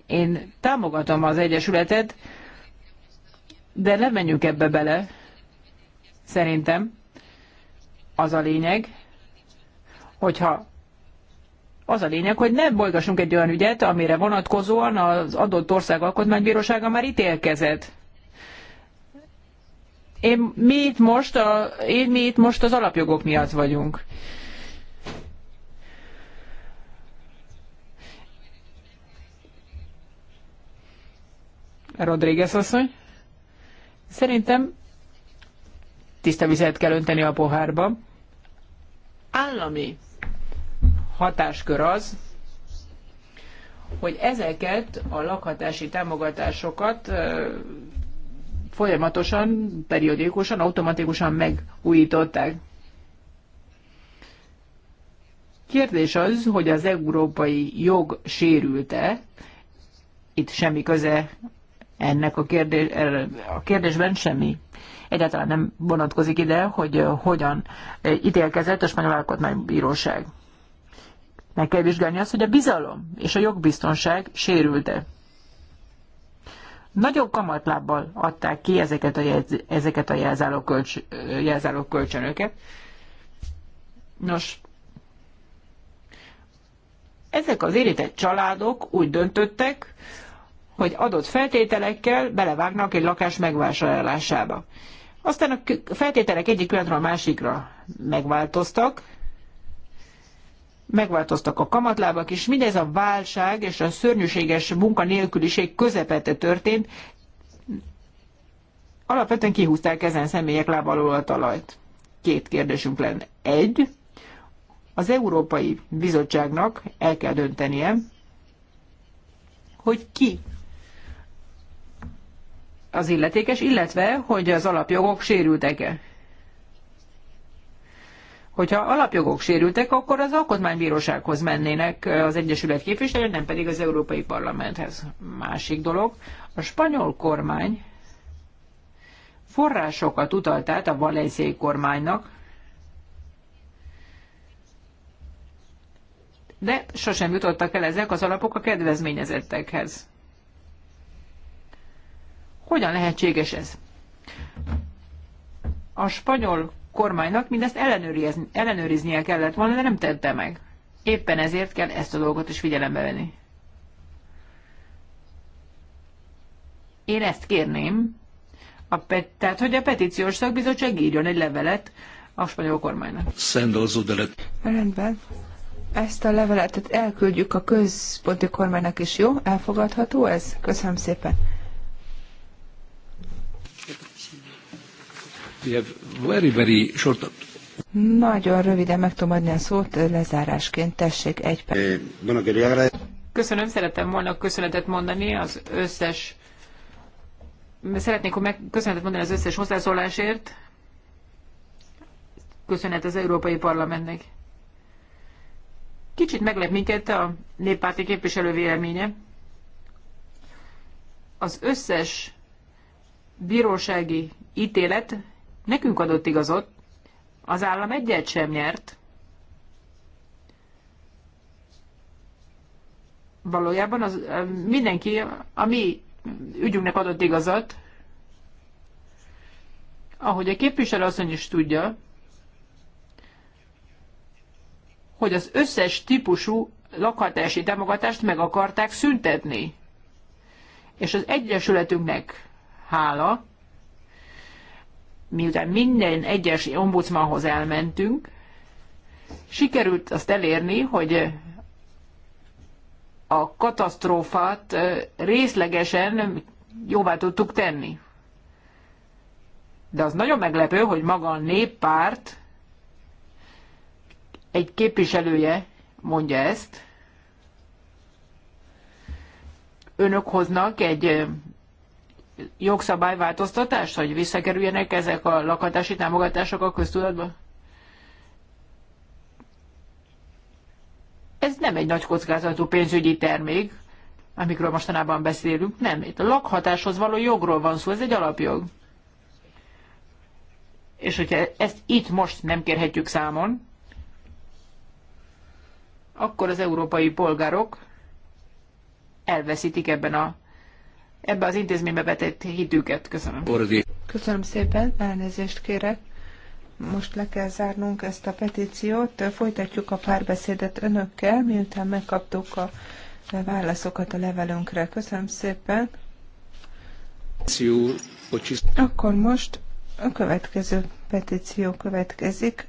Én támogatom az Egyesületet, de nem menjünk ebbe bele. Szerintem az a lényeg, hogyha az a lényeg, hogy ne bolygassunk egy olyan ügyet, amire vonatkozóan az adott ország alkotmánybírósága már ítélkezett. Én, mi, itt most a, én, mi itt most az alapjogok miatt vagyunk. Rodríguez asszony. Szerintem tiszta vizet kell önteni a pohárba. Állami hatáskör az, hogy ezeket a lakhatási támogatásokat folyamatosan, periódikusan, automatikusan megújították. Kérdés az, hogy az európai jog sérült-e, itt semmi köze ennek a, kérdés, a kérdésben semmi. Egyáltalán nem vonatkozik ide, hogy hogyan ítélkezett a spanyol alkotmánybíróság. Meg kell vizsgálni azt, hogy a bizalom és a jogbiztonság sérült-e. Nagyon kamatlábbal adták ki ezeket a, jelz, ezeket a jelzáló, kölcs, jelzáló kölcsönöket. Nos, ezek az érintett családok úgy döntöttek, hogy adott feltételekkel belevágnak egy lakás megvásárlásába. Aztán a feltételek egyik pillanatra a másikra megváltoztak, megváltoztak a kamatlábak, és mindez a válság és a szörnyűséges munkanélküliség közepette történt. Alapvetően kihúzták ezen személyek láb alól a talajt. Két kérdésünk lenne. Egy, az Európai Bizottságnak el kell döntenie, hogy ki az illetékes, illetve hogy az alapjogok sérültek-e hogyha alapjogok sérültek, akkor az alkotmánybírósághoz mennének az Egyesület képviselői, nem pedig az Európai Parlamenthez. Másik dolog, a spanyol kormány forrásokat utalt át a valenciai kormánynak, de sosem jutottak el ezek az alapok a kedvezményezettekhez. Hogyan lehetséges ez? A spanyol kormánynak mindezt ellenőriznie kellett volna, de nem tette meg. Éppen ezért kell ezt a dolgot is figyelembe venni. Én ezt kérném, a pet, tehát hogy a petíciós szakbizottság írjon egy levelet a spanyol kormánynak. Rendben. Ezt a levelet elküldjük a központi kormánynak is, jó? Elfogadható ez? Köszönöm szépen. Nagyon röviden meg tudom adni a szót, lezárásként tessék egy perc. Eh, Köszönöm, szeretem volna köszönetet mondani az összes szeretnék meg köszönetet mondani az összes hozzászólásért. Köszönet az Európai Parlamentnek. Kicsit meglep minket a néppárti képviselő véleménye. Az összes bírósági ítélet Nekünk adott igazot, az állam egyet sem nyert. Valójában az, mindenki a mi ügyünknek adott igazat, ahogy a képviselő asszony is tudja, hogy az összes típusú lakhatási támogatást meg akarták szüntetni. És az Egyesületünknek hála, miután minden egyes ombudsmanhoz elmentünk, sikerült azt elérni, hogy a katasztrófát részlegesen jóvá tudtuk tenni. De az nagyon meglepő, hogy maga a néppárt egy képviselője mondja ezt. Önök hoznak egy jogszabályváltoztatást, hogy visszakerüljenek ezek a lakhatási támogatások a köztudatba? Ez nem egy nagy kockázatú pénzügyi termék, amikről mostanában beszélünk. Nem, itt a lakhatáshoz való jogról van szó, ez egy alapjog. És hogyha ezt itt most nem kérhetjük számon, akkor az európai polgárok elveszítik ebben a ebbe az intézménybe vetett hitüket. Köszönöm. Köszönöm szépen, elnézést kérek. Most le kell zárnunk ezt a petíciót, folytatjuk a párbeszédet önökkel, miután megkaptuk a válaszokat a levelünkre. Köszönöm szépen. Akkor most a következő petíció következik.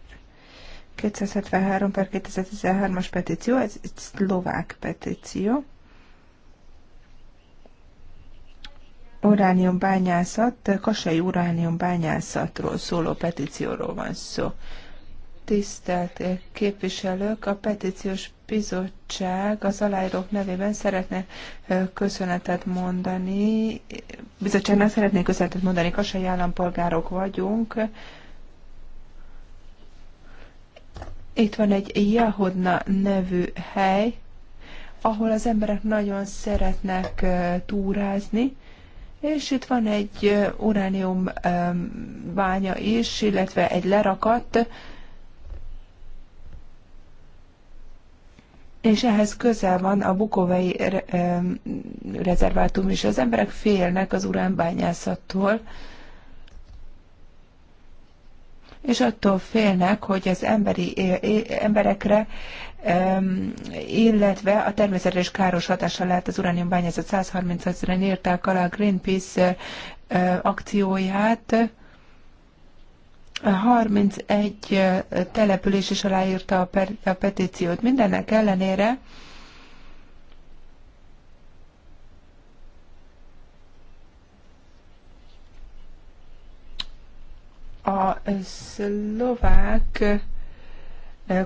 273 per 2013-as petíció, ez egy szlovák petíció. bányászat, kasai uránium bányászatról szóló petícióról van szó. Tisztelt képviselők, a petíciós bizottság az aláírók nevében szeretne köszönetet mondani, bizottságnak szeretnék köszönetet mondani, kasai állampolgárok vagyunk. Itt van egy Jahodna nevű hely, ahol az emberek nagyon szeretnek túrázni, és itt van egy uránium bánya is, illetve egy lerakat, és ehhez közel van a bukovai rezervátum is. Az emberek félnek az uránbányászattól, és attól félnek, hogy az emberi, emberekre illetve a természetre is káros hatása lehet az uránium bányászat 130 ezeren írták alá a Greenpeace eh, akcióját. 31 eh, település is aláírta a, a petíciót. Mindennek ellenére a eh, szlovák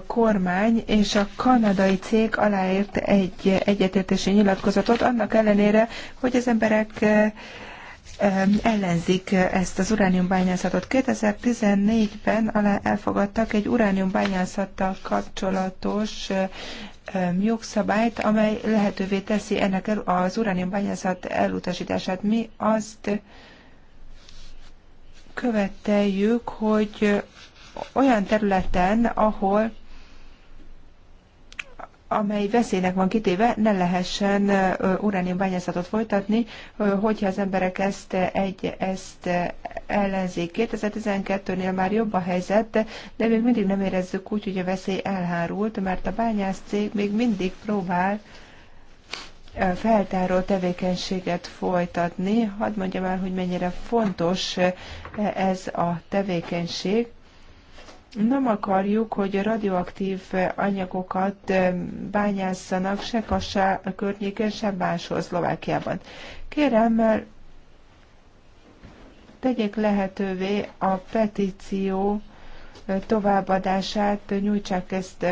kormány és a kanadai cég aláírt egy egyetértési nyilatkozatot, annak ellenére, hogy az emberek ellenzik ezt az urániumbányászatot. 2014-ben alá elfogadtak egy urániumbányászattal kapcsolatos jogszabályt, amely lehetővé teszi ennek az urániumbányászat elutasítását. Mi azt követeljük, hogy olyan területen, ahol amely veszélynek van kitéve, ne lehessen uránium bányászatot folytatni, hogyha az emberek ezt, egy, ezt ellenzik. 2012-nél már jobb a helyzet, de még mindig nem érezzük úgy, hogy a veszély elhárult, mert a cég még mindig próbál feltáró tevékenységet folytatni. Hadd mondjam el, hogy mennyire fontos ez a tevékenység nem akarjuk, hogy radioaktív anyagokat eh, bányászanak se Kassá környéken, se máshol Szlovákiában. Kérem, eh, tegyék lehetővé a petíció eh, továbbadását, nyújtsák ezt,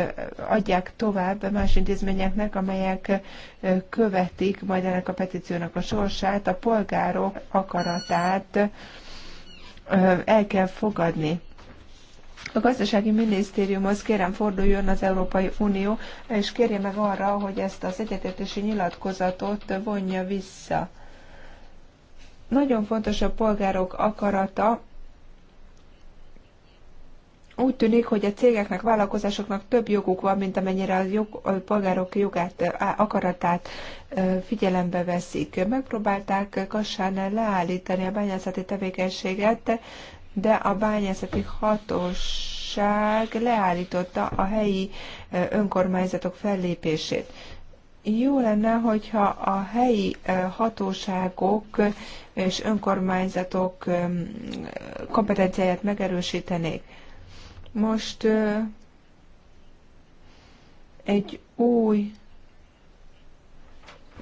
adják tovább más intézményeknek, amelyek követik majd ennek a petíciónak a sorsát, a polgárok akaratát el kell fogadni a gazdasági minisztériumhoz kérem forduljon az Európai Unió, és kérje meg arra, hogy ezt az egyetértési nyilatkozatot vonja vissza. Nagyon fontos a polgárok akarata, úgy tűnik, hogy a cégeknek, vállalkozásoknak több joguk van, mint amennyire a, jog, a polgárok jogát, akaratát figyelembe veszik. Megpróbálták Kassán leállítani a bányászati tevékenységet, de a bányászati hatóság leállította a helyi önkormányzatok fellépését. Jó lenne, hogyha a helyi hatóságok és önkormányzatok kompetenciáját megerősítenék. Most egy új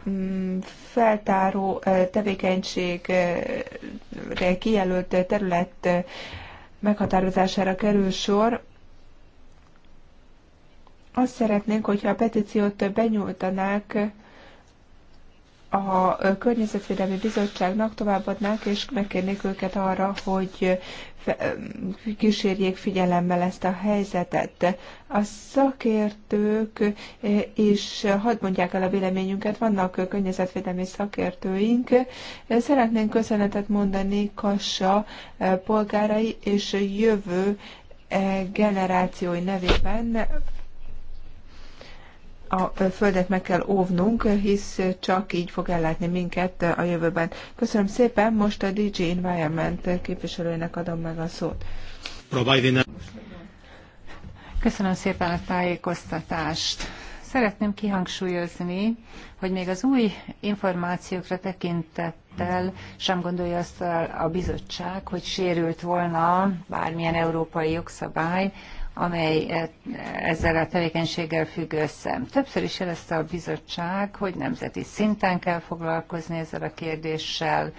Mm, feltáró tevékenységre kijelölt terület meghatározására kerül sor. Azt szeretnénk, hogyha a petíciót benyújtanák a Környezetvédelmi Bizottságnak továbbadnák, és megkérnék őket arra, hogy kísérjék figyelemmel ezt a helyzetet. A szakértők eh, és, hadd mondják el a véleményünket, vannak környezetvédelmi szakértőink. Szeretnénk köszönetet mondani Kassa eh, polgárai és jövő eh, generációi nevében a földet meg kell óvnunk, hisz csak így fog ellátni minket a jövőben. Köszönöm szépen, most a DG Environment képviselőjének adom meg a szót. Köszönöm szépen a tájékoztatást. Szeretném kihangsúlyozni, hogy még az új információkra tekintettel sem gondolja azt a bizottság, hogy sérült volna bármilyen európai jogszabály, amely eh, ezzel a tevékenységgel függ össze. Többször is jelezte a bizottság, hogy nemzeti szinten kell foglalkozni ezzel a kérdéssel,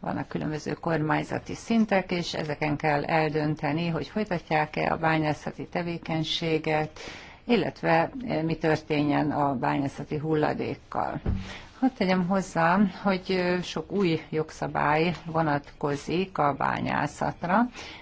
vannak különböző kormányzati szintek, és ezeken kell eldönteni, hogy folytatják-e a bányászati tevékenységet, illetve eh, mi történjen a bányászati hulladékkal. Hadd tegyem hozzá, hogy sok új jogszabály vonatkozik a bányászatra,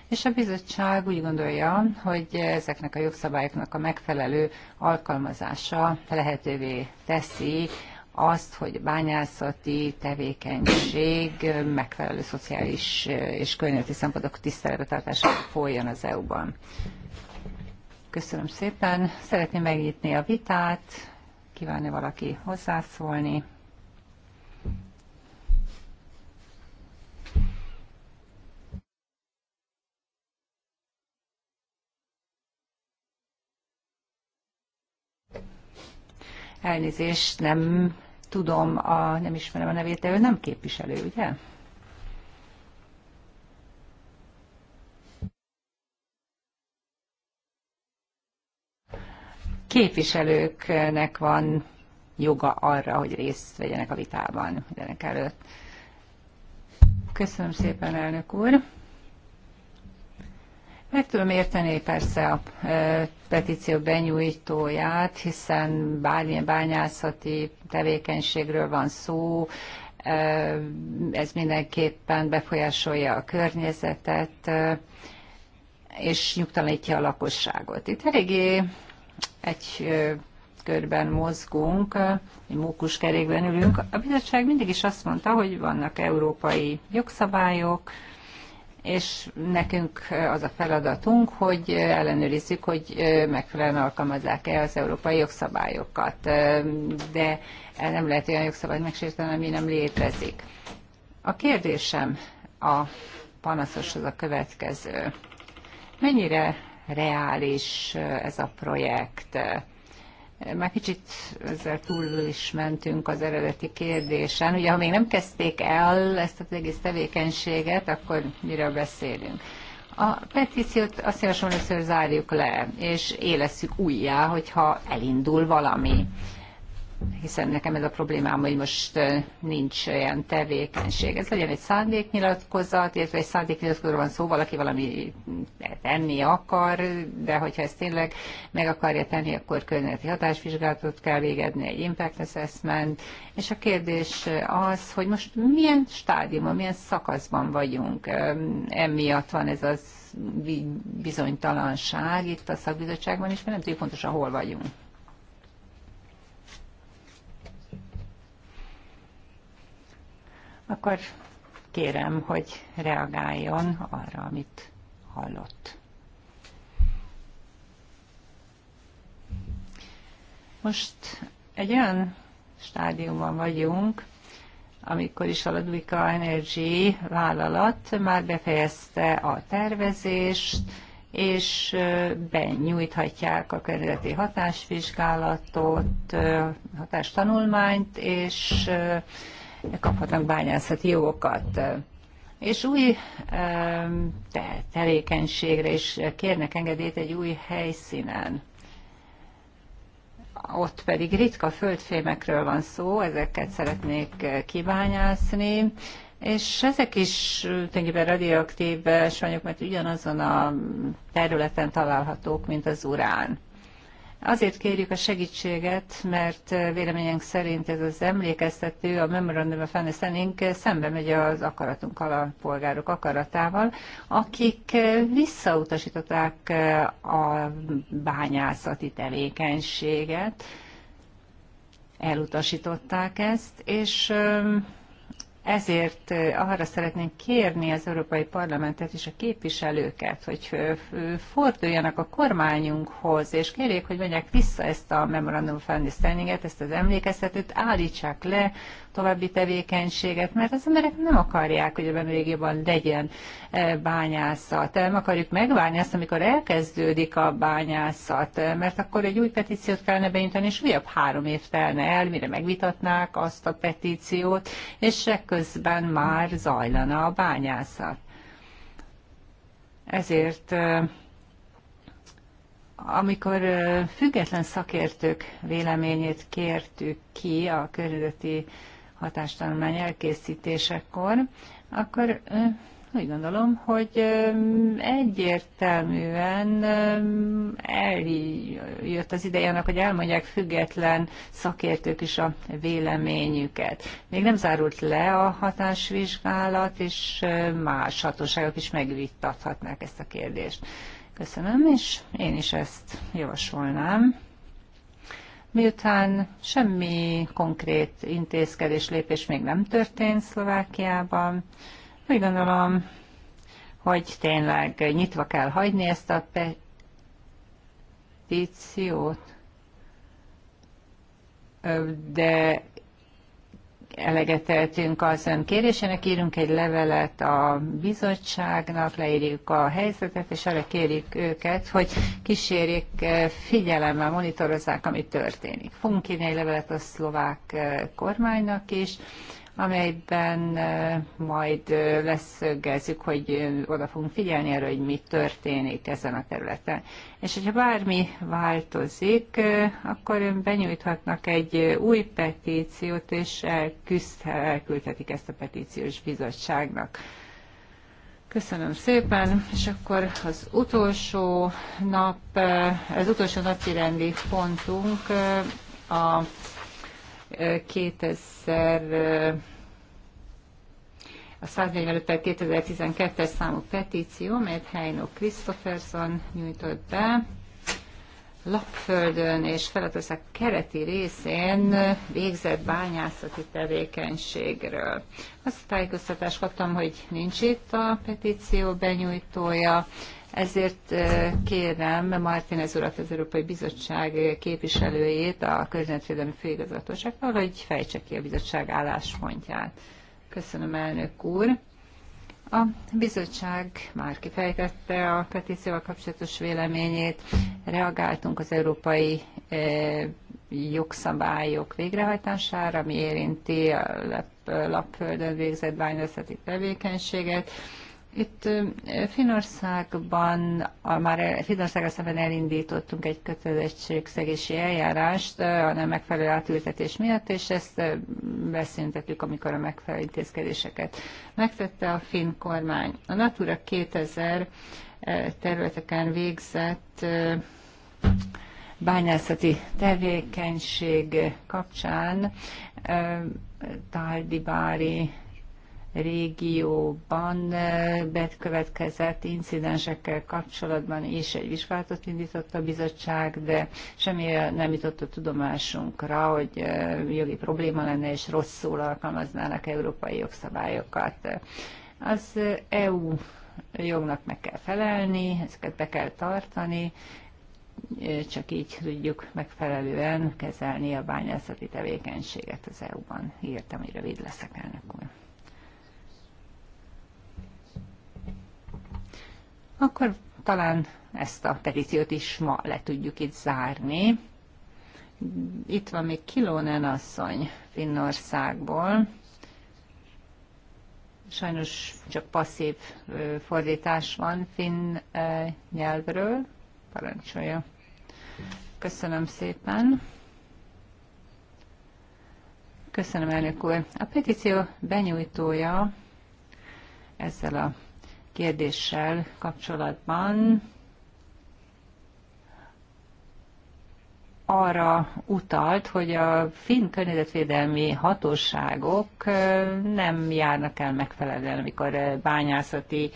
és a bizottság úgy gondolja, hogy ezeknek a jogszabályoknak a megfelelő alkalmazása lehetővé teszi azt, hogy bányászati tevékenység megfelelő szociális és környezeti szempontok tartása folyjon az EU-ban. Köszönöm szépen. Szeretném megnyitni a vitát. Kívánni valaki hozzászólni? Elnézést, nem tudom, a, nem ismerem a nevét, de ő nem képviselő, ugye? Képviselőknek van joga arra, hogy részt vegyenek a vitában mindenek előtt. Köszönöm szépen, elnök úr! Meg tudom érteni persze a e, petíció benyújtóját, hiszen bármilyen bányászati tevékenységről van szó, e, ez mindenképpen befolyásolja a környezetet, e, és nyugtalanítja a lakosságot. Itt eléggé egy körben mozgunk, egy mókuskerékben ülünk. A bizottság mindig is azt mondta, hogy vannak európai jogszabályok, és nekünk az a feladatunk, hogy ellenőrizzük, hogy megfelelően alkalmazzák-e az európai jogszabályokat, de nem lehet olyan jogszabályt megsérteni, ami nem létezik. A kérdésem a panaszoshoz a következő. Mennyire reális ez a projekt? Már kicsit ezzel túl is mentünk az eredeti kérdésen. Ugye, ha még nem kezdték el ezt az egész tevékenységet, akkor miről beszélünk? A petíciót azt javaslom, hogy zárjuk le, és élesszük újjá, hogyha elindul valami hiszen nekem ez a problémám, hogy most nincs olyan tevékenység. Ez legyen egy szándéknyilatkozat, illetve egy szándéknyilatkozatról van szó, valaki valami tenni akar, de hogyha ezt tényleg meg akarja tenni, akkor környezeti hatásvizsgálatot kell végezni, egy impact assessment, és a kérdés az, hogy most milyen stádiumban, milyen szakaszban vagyunk. Emiatt van ez az bizonytalanság itt a szakbizottságban, és mert nem tudjuk pontosan hol vagyunk. akkor kérem, hogy reagáljon arra, amit hallott. Most egy olyan stádiumban vagyunk, amikor is a Ludwika Energy vállalat már befejezte a tervezést, és benyújthatják a környezeti hatásvizsgálatot, hatástanulmányt, és kaphatnak bányászati jogokat. És új te, tevékenységre is kérnek engedélyt egy új helyszínen. Ott pedig ritka földfémekről van szó, ezeket szeretnék kibányászni, és ezek is tulajdonképpen radioaktív sanyok, mert ugyanazon a területen találhatók, mint az urán. Azért kérjük a segítséget, mert véleményünk szerint ez az emlékeztető, a Memorandum of Understanding szembe megy az akaratunkkal, a polgárok akaratával, akik visszautasították a bányászati tevékenységet, elutasították ezt, és ezért arra szeretnénk kérni az Európai Parlamentet és a képviselőket, hogy forduljanak a kormányunkhoz, és kérjék, hogy mondják vissza ezt a Memorandum of Understanding-et, ezt az emlékeztetőt, állítsák le, további tevékenységet, mert az emberek nem akarják, hogy ebben a régióban legyen e, bányászat. Nem akarjuk megvárni azt, amikor elkezdődik a bányászat, e, mert akkor egy új petíciót kellene beintani, és újabb három év telne el, mire megvitatnák azt a petíciót, és ekközben már zajlana a bányászat. Ezért e, amikor független szakértők véleményét kértük ki a körülötti hatástanulmány elkészítésekor, akkor úgy gondolom, hogy egyértelműen eljött az ideje annak, hogy elmondják független szakértők is a véleményüket. Még nem zárult le a hatásvizsgálat, és más hatóságok is megvittathatnák ezt a kérdést. Köszönöm, és én is ezt javasolnám. Miután semmi konkrét intézkedés lépés még nem történt Szlovákiában, úgy gondolom, hogy tényleg nyitva kell hagyni ezt a petíciót, de eleget tehetünk az ön kérésének, írunk egy levelet a bizottságnak, leírjuk a helyzetet, és arra kérjük őket, hogy kísérjék figyelemmel, monitorozzák, ami történik. Fogunk írni egy levelet a szlovák eh, kormánynak is, amelyben majd leszögezzük, hogy oda fogunk figyelni arra, hogy mi történik ezen a területen. És hogyha bármi változik, akkor ön benyújthatnak egy új petíciót, és elküzd, elküldhetik ezt a petíciós bizottságnak. Köszönöm szépen, és akkor az utolsó nap, az utolsó napi rendi pontunk a 2000 a 145 per 2012-es számú petíció, melyet Heino Christopherson nyújtott be, Lapföldön és Feladország kereti részén végzett bányászati tevékenységről. Azt a tájékoztatást kaptam, hogy nincs itt a petíció benyújtója, ezért kérem Martinez urat, az Európai Bizottság képviselőjét, a Környezetvédelmi Főigazgatóságtól, hogy fejtse ki a bizottság álláspontját. Köszönöm, elnök úr. A bizottság már kifejtette a petícióval kapcsolatos véleményét, reagáltunk az európai jogszabályok végrehajtására, ami érinti a lapföldön végzett bányászati tevékenységet, itt Finországban, már Finországra szemben elindítottunk egy kötelezettségszegési eljárást a nem megfelelő átültetés miatt, és ezt beszüntettük, amikor a megfelelő intézkedéseket megtette a finn kormány. A Natura 2000 területeken végzett bányászati tevékenység kapcsán Taldibári régióban bekövetkezett incidensekkel kapcsolatban is egy vizsgálatot indított a bizottság, de semmi nem jutott a tudomásunkra, hogy jogi probléma lenne, és rosszul alkalmaznának európai jogszabályokat. Az EU jognak meg kell felelni, ezeket be kell tartani, csak így tudjuk megfelelően kezelni a bányászati tevékenységet az EU-ban. Írtam, hogy rövid leszek, elnök úr. akkor talán ezt a petíciót is ma le tudjuk itt zárni. Itt van még Kilónen asszony Finnországból. Sajnos csak passzív fordítás van finn nyelvről. Parancsolja. Köszönöm szépen. Köszönöm, elnök úr. A petíció benyújtója ezzel a kérdéssel kapcsolatban arra utalt, hogy a finn környezetvédelmi hatóságok nem járnak el megfelelően, amikor bányászati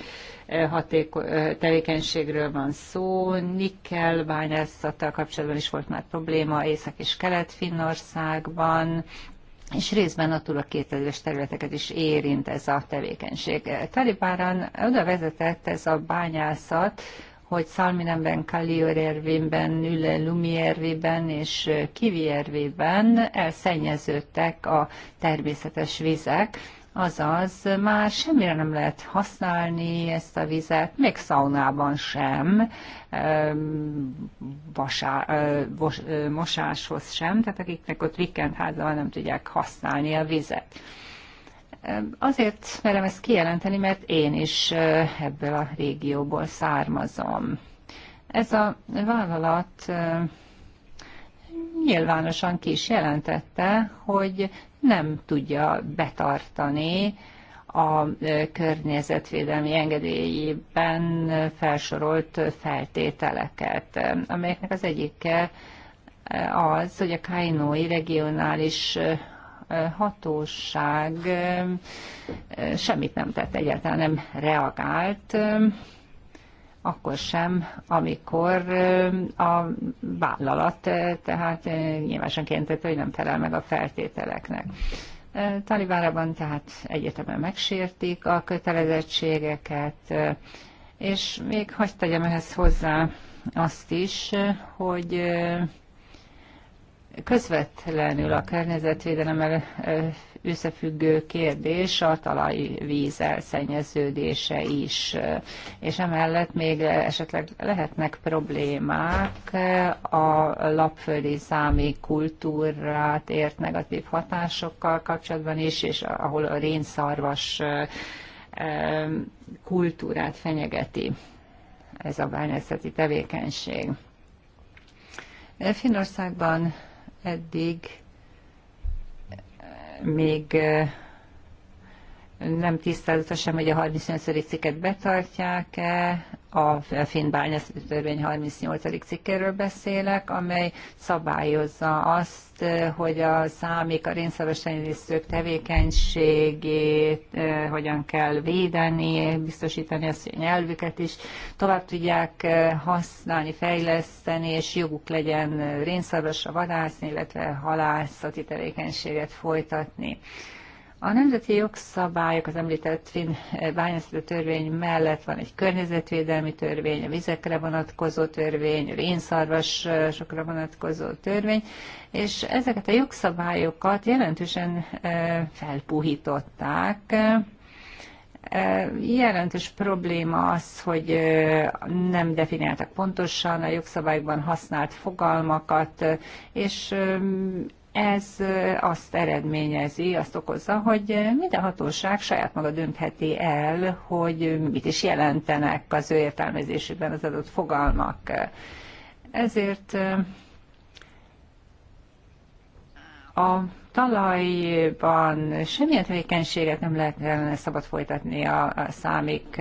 hatéko- tevékenységről van szó. Nikkel bányászattal kapcsolatban is volt már probléma Észak- és Kelet-Finnországban, és részben a a es területeket is érint ez a tevékenység. Talibáran oda vezetett ez a bányászat, hogy Szalminemben, Kaliorervében, Nüle Lumiervében és Kiviervében elszennyeződtek a természetes vizek, Azaz már semmire nem lehet használni ezt a vizet, még szaunában sem, vasá, vos, mosáshoz sem, tehát akiknek ott vikendháza van, nem tudják használni a vizet. Azért merem ezt kijelenteni, mert én is ebből a régióból származom. Ez a vállalat nyilvánosan ki is jelentette, hogy nem tudja betartani a e, környezetvédelmi engedélyében felsorolt feltételeket, e, amelyeknek az egyike e, az, hogy a Kainói regionális hatóság semmit nem tett, egyáltalán nem reagált akkor sem, amikor a vállalat tehát nyilvánosan kijelentette, hogy nem felel meg a feltételeknek. Talibárában tehát egyetemen megsértik a kötelezettségeket, és még hagyd tegyem ehhez hozzá azt is, hogy közvetlenül a környezetvédelemmel összefüggő kérdés a víz elszennyeződése is. És emellett még esetleg lehetnek problémák a lapföldi számi kultúrát ért negatív hatásokkal kapcsolatban is, és ahol a rénszarvas kultúrát fenyegeti ez a bányászati tevékenység. Finországban eddig még nem tisztázott sem, hogy a 38. cikket betartják-e, a finn bányászati törvény 38. cikkéről beszélek, amely szabályozza azt, hogy a számik a rénszaveslenyészők tevékenységét eh, hogyan kell védeni, biztosítani ezt hogy nyelvüket is tovább tudják eh, használni, fejleszteni, és joguk legyen rénszarvasra vadászni, illetve halászati tevékenységet folytatni. A nemzeti jogszabályok, az említett finn eh, bányászati törvény mellett van egy környezetvédelmi törvény, a vizekre vonatkozó törvény, a rénszarvasokra vonatkozó törvény, és ezeket a jogszabályokat jelentősen eh, felpuhították. Eh, jelentős probléma az, hogy nem definiáltak pontosan a jogszabályokban használt fogalmakat, és ez azt eredményezi, azt okozza, hogy minden hatóság saját maga döntheti el, hogy mit is jelentenek az ő értelmezésükben az adott fogalmak. Ezért a talajban semmilyen tevékenységet nem lehet szabad folytatni a, a számik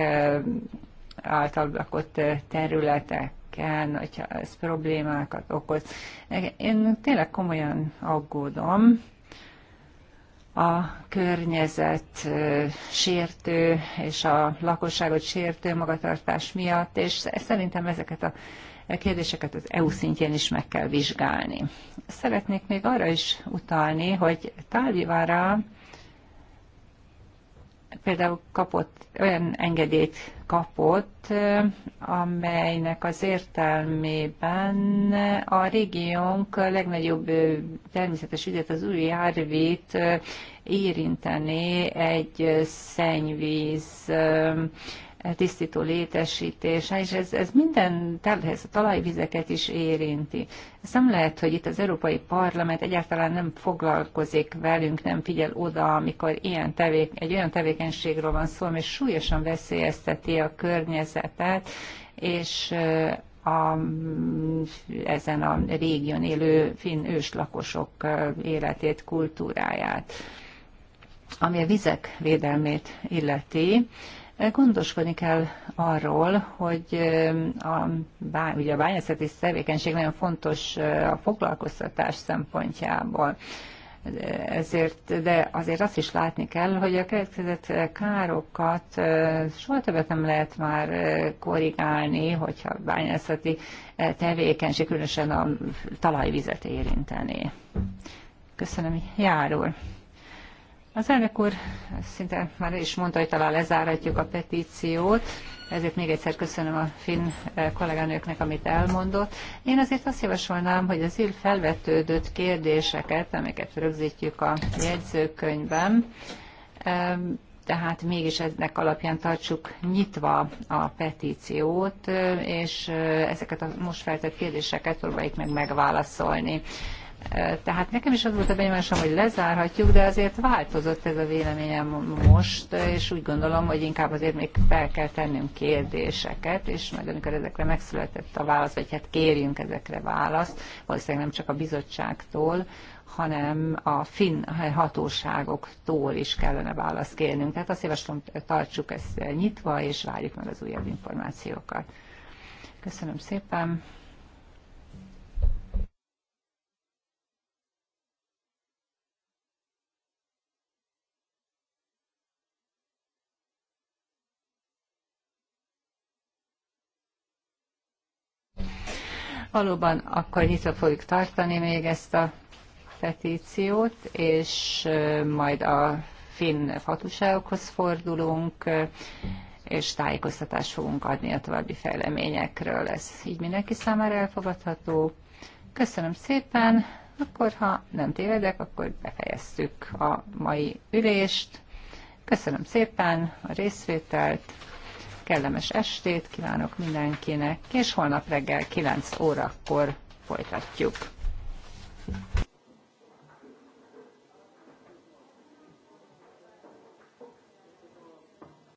által lakott területek el, hogyha ez problémákat okoz. Én tényleg komolyan aggódom, a környezet sértő és a lakosságot sértő magatartás miatt, és szerintem ezeket a kérdéseket az EU szintjén is meg kell vizsgálni. Szeretnék még arra is utalni, hogy Tálvivára például kapott, olyan engedélyt kapott, amelynek az értelmében a régiónk legnagyobb természetes ügyet, az új árvét érinteni egy szennyvíz tisztító létesítése, és ez, ez minden tervhez, a talajvizeket is érinti. Ez nem lehet, hogy itt az Európai Parlament egyáltalán nem foglalkozik velünk, nem figyel oda, amikor ilyen tevék, egy olyan tevékenységről van szó, ami súlyosan veszélyezteti a környezetet, és a, ezen a régión élő finn őslakosok életét, kultúráját. Ami a vizek védelmét illeti, Gondoskodni kell arról, hogy eh, a, ugye a bányászati tevékenység nagyon fontos eh, a foglalkoztatás szempontjából. Ezért, de azért azt is látni kell, hogy a keletkezett károkat eh, soha többet nem lehet már korrigálni, hogyha a bányászati tevékenység különösen a talajvizet érinteni. Köszönöm, járul. Az elnök úr szinte már is mondta, hogy talán lezáratjuk a petíciót, ezért még egyszer köszönöm a finn eh, kolléganőknek, amit elmondott. Én azért azt javasolnám, hogy az ill felvetődött kérdéseket, amiket rögzítjük a jegyzőkönyvben, tehát mégis ennek alapján tartsuk nyitva a petíciót, eh, és eh, ezeket a most feltett kérdéseket próbáljuk meg megválaszolni. Tehát nekem is az volt a benyomásom, hogy lezárhatjuk, de azért változott ez a véleményem most, és úgy gondolom, hogy inkább azért még fel kell tennünk kérdéseket, és majd amikor ezekre megszületett a válasz, vagy hát kérjünk ezekre választ, valószínűleg nem csak a bizottságtól, hanem a finn hatóságoktól is kellene választ kérnünk. Tehát azt javaslom, tartsuk ezt nyitva, és várjuk meg az újabb információkat. Köszönöm szépen! Valóban akkor nyitva fogjuk tartani még ezt a petíciót, és majd a finn hatóságokhoz fordulunk, és tájékoztatást fogunk adni a további fejleményekről. Ez így mindenki számára elfogadható. Köszönöm szépen, akkor ha nem tévedek, akkor befejeztük a mai ülést. Köszönöm szépen a részvételt kellemes estét kívánok mindenkinek, és holnap reggel 9 órakor folytatjuk.